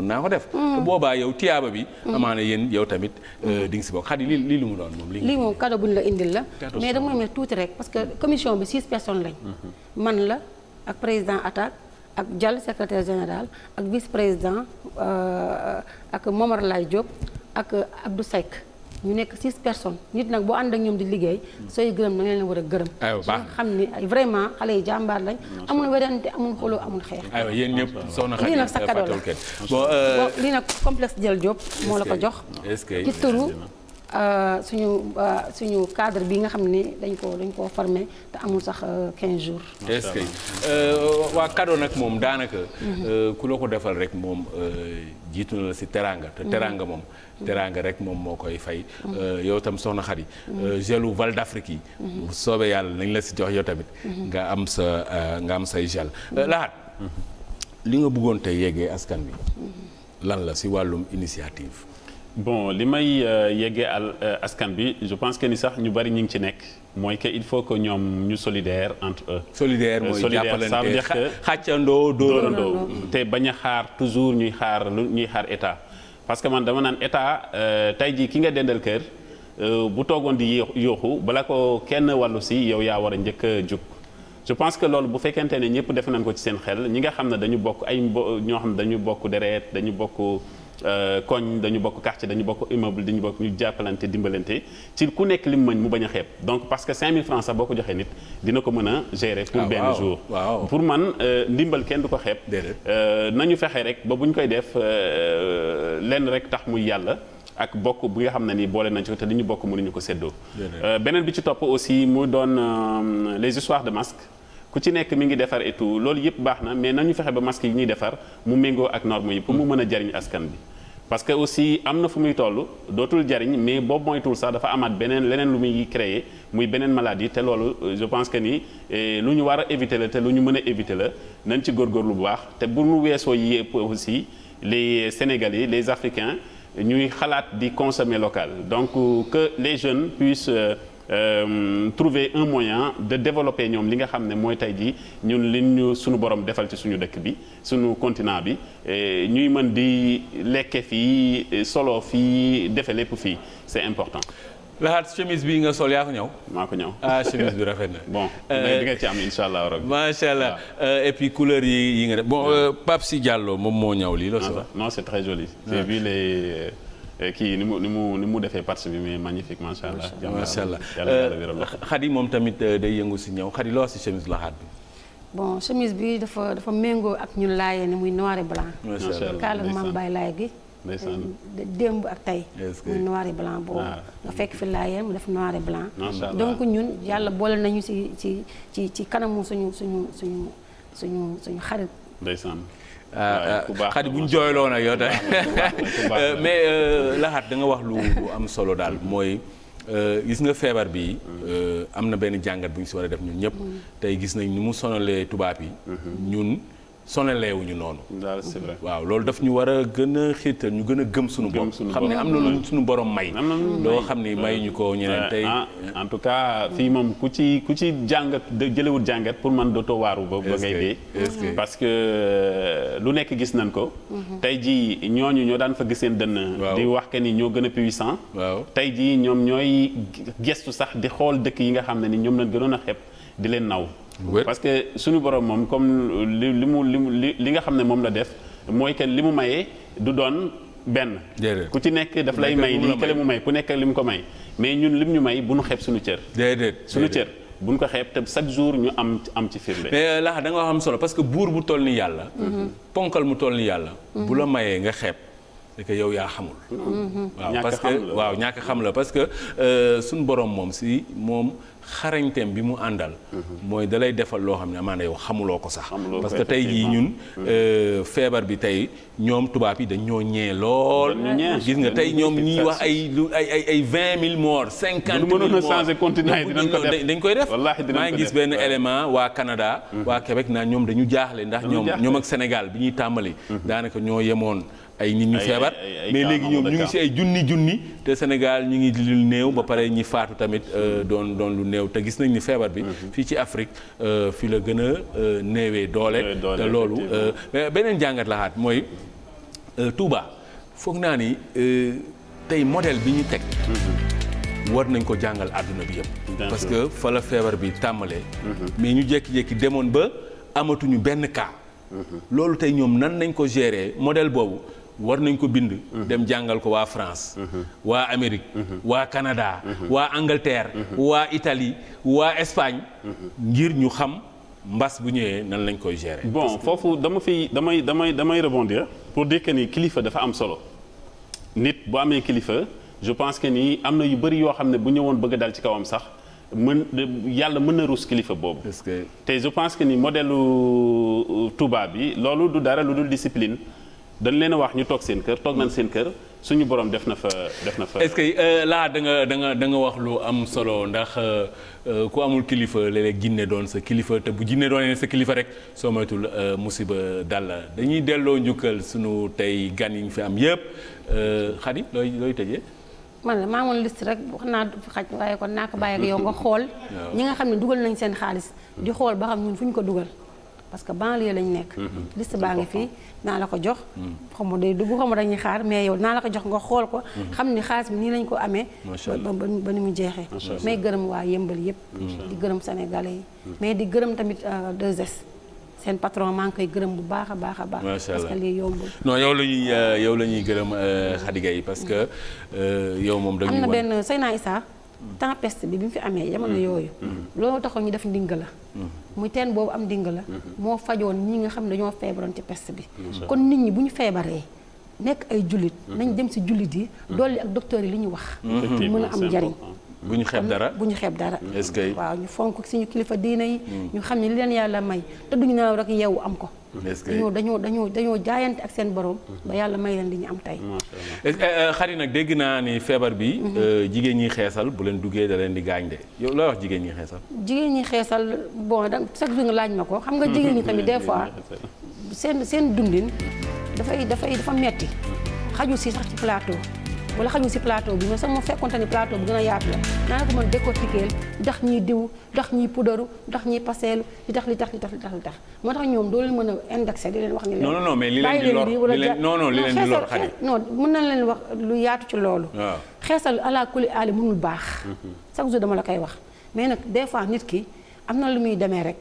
Mm-hmm. amaana yéen yow tamit euh, di nga si bokk xadi li lii lu mu doon moom lii moom cadeau buñ la indil la mais dama may tuuti rek parce que commission bi six personnes lañ mm-hmm. man la ak président attaque ak Diall secrétaire général ak vice président euh, ak Momar Lay Diop ak Abdou Seck ñu nekk six personnes nit nag boo ànd ak ñoom di liggéey sooy gërëm na nga leen war a gërëm nga xam ni vraiment xale yi jàmbaar lañ amul werante amul xoloo amul xeex aywa yéen ñëpp soxna lii nag sakkadoo la euh, bon lii nag complexe Diel Diop moo la ko jox ci turu euh, suñu euh, suñu cadre bi nga xam ni dañ ko dañ koo formé te amul sax quinze jours. est-ce waa cadeau nag moom daanaka. Mm-hmm. ku loo ko defal rek moom jiitu na la si teraanga. te teraanga mm-hmm. moom. teraanga rek moom moo koy fay. Mm-hmm. Euh, yow tam soxna xar yi. Mm-hmm. Euh, gelu Val d'Afrique yi. Mm-hmm. bu soobee yàlla nañ la si jox yow tamit. nga am sa euh, nga am say gel. laat li nga buggoon tey yeggee askan bi lan la si wàllum initiative. bon li may yeggee al askan bi je pense que ni sax ñu bari ñu ngi ci nekk mooy que il faut que ñoom ñu solidaire entre eux. solidaire mooy jàppalante xàccandoo dóorandoo te bañ a xaar toujours ñuy xaar ñuy xaar état. parce que man dama naan état euh, tey jii ki nga dendal kër euh, bu toogoon di yooxu bala ko kenn wàllu si yow yaa war a njëkk a jug je pense que loolu bu fekkente ne ñëpp defe nañ ko ci seen xel ñi nga xam ne dañu bokk ay ñoo xam dañu bokk deret dañu bokk Euh, koñ dañu bokk quartier dañu bokk immeuble dañu bokk ñu jàppalante dimbalante ci ku nekk li mu mën mu bañ a xeeb donc parce que 5000 francs sax boo ko joxee nit dina ko mën a gérer pour ah, benn jour pour man euh, ndimbal kenn du ko xeeb euh, nañu fexe rek ba bu ñu koy def lenn rek tax muy yàlla ak bokk bi nga xam ne ni boole nañ ci te li ñu bokk mënuñu ko séddoo beneen bi ci topp aussi mu doon les histoires de masque ku ci nekk mi ngi defar et tout loolu yëpp baax na mais nañu fexe ba masque yi ñuy defar mu méngoo ak normes yi pour mu mën a jariñ askan bi parce que aussi am na fu muy toll dootul jariñ mais boobu moytuwul sax dafa amaat beneen leneen lu muy créer muy beneen maladie te loolu euh, je pense que ni euh, lu ñu war a éviter la te lu ñu mën a éviter la nañ ci góorgóorlu bu baax te bu mu weesoo yi yëpp aussi les Sénégalais les Africains ñuy xalaat di consommer local donc euh, que les jeunes puissent. Euh, trouver un moyen de développer ñoom li nga xam ne mooy tey jii ñun li ñu suñu borom defal ci suñu dëkk bi suñu continent bi ñuy mën di lekke fii solo fii defe lépp fii c'est important. laxaat chemise bi nga sol yaa ko ñëw. maa ko ñëw ah chemise bi rafet na. bon euh, di nga ci am incha allah rabbi. macha allah euh, et puis couleur yi yi nga def bon Pape Si Diallo moom moo ñëw lii. loolu non c'est très joli. j'ai vu les. Eh, kii ni mu ni mu ni mu defee partie bi mais magnifique macha allah. macha allah eh, Khady moom tamit eh, day yëngu si ñëw Khady loo si chemise laxaat bi. bon chemise bi dafa dafa méngoo ak ñun laayee ni muy noir et blanc. macha allah kaala maam Baye laay gi. démb ak tey. muy noir et blanc boobu. Ah. nga fekk fi laayeen mu def noir et blanc. donc ñun yàlla boole nañu si ci ci ci kanamu suñu suñu suñu suñu suñu xarit. Ah, ah, xadi bu ñu jooyloo nag yow tamit mais euh, laxaat danga wax lu am solo daal mooy euh, gis nga feebar bi euh, am na benn jàngat bu ñu si war a def ñun ñëpp mm-hmm. tey gis nañ ni mu sonalee tubaab yi mm-hmm. ñun sonaleewuñu noonu. waaw loolu daf ñu war a gën a xiital ñu gën a gëm suñu bopp xam ne am na lu mm-hmm. suñu borom may. loo xam ni may ñu ko ñeneen tey. Ah, en tout cas fii moom ku ci ku ci jàngat jëlewut jàngat pour man dootoo waaru ba ba ngay dee. parce que euh, lu nekk gis nañ ko. Mm-hmm. tey jii ñooñu ñoo daan fa gis seen dënn. di wax que ni ñoo gën a puissant. waaw tey jii ñoom ñooy gestu sax di xool dëkk yi nga xam ne ni ñoom lañ gënoon a xeeb di leen naw. parce que suñu borom moom comme li li mu li li nga xam ne moom la def mooy que li mu maye du doon benn. ku ci nekk daf lay may lii kële mu may ku nekk li mu ko may. mais ñun mu ñu may bu nu xeeb suñu cër. bu ñu ko xeeb te chaque jour ñu am am ci firnde. mais euh, laax da nga am solo parce que buur bu toll ni yàlla. Mhm. ponkal mu toll ni yàlla. Mhm. bu la mayee nga xeeb. c'est yow yaa xamul. Mhm. waaw parce que waaw ñàkk xam la parce que euh, suñu borom moom si moom. xarañteem bi mu àndal. Mhm. mooy dalay defal loo xam ne amaana yow xamuloo ko sax. parce que tey jii ñun euh, feebar bi tey ñoom tubaab yi dañ ñoo ñee lool. gis nga tey ñoom ñuy wax ay ay ay ay vingt mille morts. cinquante mille morts changer dinañ ko dañ koy def. maa ngi gis benn élément waa Canada. Mhm. waa Québec naa ñoom dañu jaaxle ndax ñoom ñoom ak Sénégal bi ñuy tàmbali. Mhm. daanaka ñoo yemoon. ay nit ñu feebar mais léegi ñoom ñu ngi si ay junni junni te Sénégal ñu ngi di lu néew ba pare ñi faatu tamit euh, hmm. doon doon lu néew te gis nañ ni feebar bi hmm. fii ci Afrique euh, fi la gën a euh, néewee doole te loolu beneen jàngat mooy Touba foog naa ni tey modèle bi ñu teg hmm. war nañ ko jàngal àdduna bi yëpp parce que fa la feebar bi tàmbalee mais ñu jékki-jékki demoon ba amatuñu benn cas loolu tey ñoom nan nañ ko gérer modèle boobu war nañ ko bind mhm. dem jàngal ko waa France mhm. waa Amérique mhm. waa Canada waa Angleterre waa itali waa Espagne ngir ñu xam mbas bu ñëwee nan lañ koy gérer bon foofu dama fiy damay damay damay rebondir pour dire que ni kilifa dafa am solo nit bu amee kilifa je pense que nii am na yu bëri yoo xam ne bu ñëwoon bëgg a dal ci kawam sax mën yàlla mën na ruus kilifa boobu. te je pense que ni modèle euh, tubaab bi loolu du dara lu dul discipline. dañ leen wax ñu toog seen kër toog seen kër suñu borom def na fa def na fa. est-ce que euh, laa da nga da nga wax lu am solo ndax euh, euh, ku amul kilifa léeg-léeg doon sa kilifa te bu jinne doonee sa kilifa rek soo moytul musiba dal la dañuy delloo njukkal suñu tey gan yi ñu fi am yëpp Khady looy looy tëjee. man la maa moon liste rek wax naa du kon naa ko bàyyi ak yow nga xool ñi nga xam ne dugal nañ seen xaalis di xool ba xam ñun fu ñu ko dugal parce que banlieue lañ nekk mhm. liste baa ngi fii naa la ko jox hmm. xam nga day dugg xam nga dañuy xaar mais yow naa la ko jox nga xool ko hmm. xam ni xaalis bi nii lañ ko amee ba ni mu jeexee may gërëm waa yëmbal yëpp di gërëm sénégalais yi hmm. mais di gërëm tamit deux s seen patron maa ngi koy gërëm bu baax a baax a baax parce que lii yombul non yow la ñuy euh, yow la ñuy gërëm euh, Khady Gaye parce que euh, yow moom dañuy am na benn Issa temps peste bi bi mu fi amee jamono mm-hmm. yooyu mm-hmm. loolu taxoon ñu def ndinga la mm-hmm. muy teen boobu am ndinga la moo fajoon ñi nga xam ne dañoo feebaroon ci peste bi kon nit ñi bu ñu feebaree nekk ay jullit nañ dem si jullit yi dolli ak docteur yi li ñu wax mën a am njariñ bu ñu xeeb dara bu ñu xeeb dara. waaw ñu fonk suñu kilifa diina yi. Mm. ñu xam ne li leen yàlla may te duñu nelaw rek yeewu am ko. est-ce que dañoo dañoo dañoo jaayante ak seen borom. ba yàlla may leen li ñu am tey. xari euh, nag dégg naa ni feebar bi. Mhm. Euh, jigéen ñi xeesal bu leen duggee da leen di gaañ de yow wax jigéen ñi xeesal. jigéen ñi xeesal bon da chaque jour nga laaj ma ko xam nga jigéen ñi tamit des fois seen seen dundin dafay dafay dafa metti xaju si sax ci plateau. wala xañu si plateau bi mais sax moom fekkonte ni plateau bi gën a yaatu la naa na ko mën décortiquer ndax ñi diw ndax ñi pudaru ndax ñi paseelu li tax li tax li tax li tax li tax moo tax ñoom doo leen mën a indexé di leen wax ni leen non non mais li leen li leen di mën nañ leen wax lu yaatu ci loolu ah. xeesal ala kuli aali mënul baax mm-hmm. chaque jour dama la koy wax mais nag des fois nit ki am na lu muy demee rek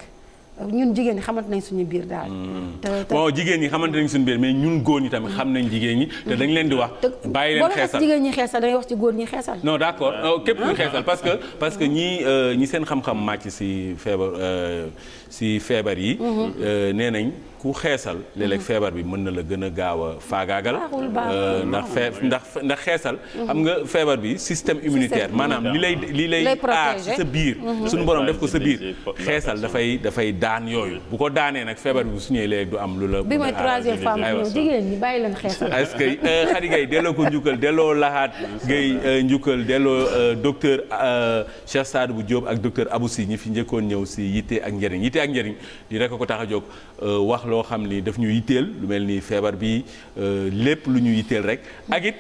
ñun jigéen ñi xamante nañ suñu biir daal. Mm. te waaw jigéen ñi xamante nañ suñu biir mais ñun góor ñi tamit xam nañ jigéen ñi. te dañ leen di wax bàyyi leen xeesal jigéen ñi xeesal da wax ci góor ñi xeesal. non d' accord oh, képp kuy ah. xeesal parce que parce que ñi euh, ñi seen xam-xam màcc si feebar euh, si feebar yi. Mm-hmm. Euh, nee nañ. ku xeesal léeg-léeg mm-hmm. feebar bi mën na la gën a gaaw a faagaagal euh, ndax fee ndax ndax xeesal mm-hmm. xam nga feebar bi système immunitaire maanaam li lay li lay aar sa biir mm-hmm. suñu borom def ko sa biir xeesal dafay dafay daan yooyu bu ko daanee nag feebar bi su ñëwee léeg du am lu la bi mooy troisième femme jigéen ñi bàyyi ce que euh, Khady delloo ko njukkal delloo laxaat ngay euh, njukkal delloo docteur Cheikh bu Diop ak docteur abu si ñi fi njëkkoon ñëw si yitte ak njëriñ yitte ak njëriñ di rek ko tax a jóg wax loo xam ni daf ñu yitteel lu mel nii feebar bi euh, lépp lu ñu yitteel rek ak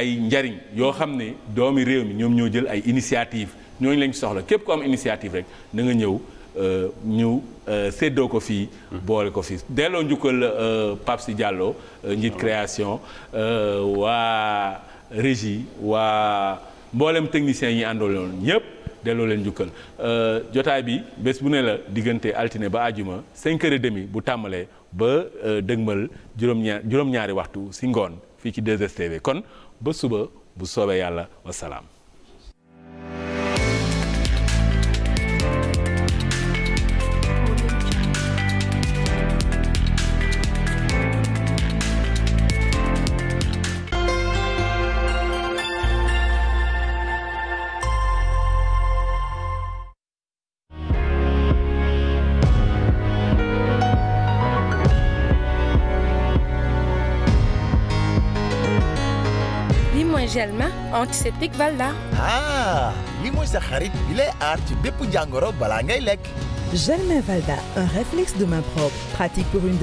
ay njariñ yoo xam ne doomi réew mi ñoom ñoo jël ay initiative ñooñu lañ soxla képp ku am initiative rek na nga ñëw euh, ñu euh, séddoo ko fii. boole ko fii delloo njukkal Pape Si Diallo. njiit ah. création waa régie waa mboolem techniciens yi àndaloon ñëpp. delloo leen njukkal euh, jotaay bi bés bu ne la diggante altine ba àjjuma cinq heures demi bu tàmbalee ba euh, dëgmal juróom-ñaar juróom-ñaari waxtu si ngoon fii ci 2STV kon ba suba bu soobee yàlla wasalaam antiseptique Valda. ah li mooy sa xarit bi lay aar ci bépp jàngoro balaa ngay lekk. Germain Valda un réflexe de main propre pratique pour une.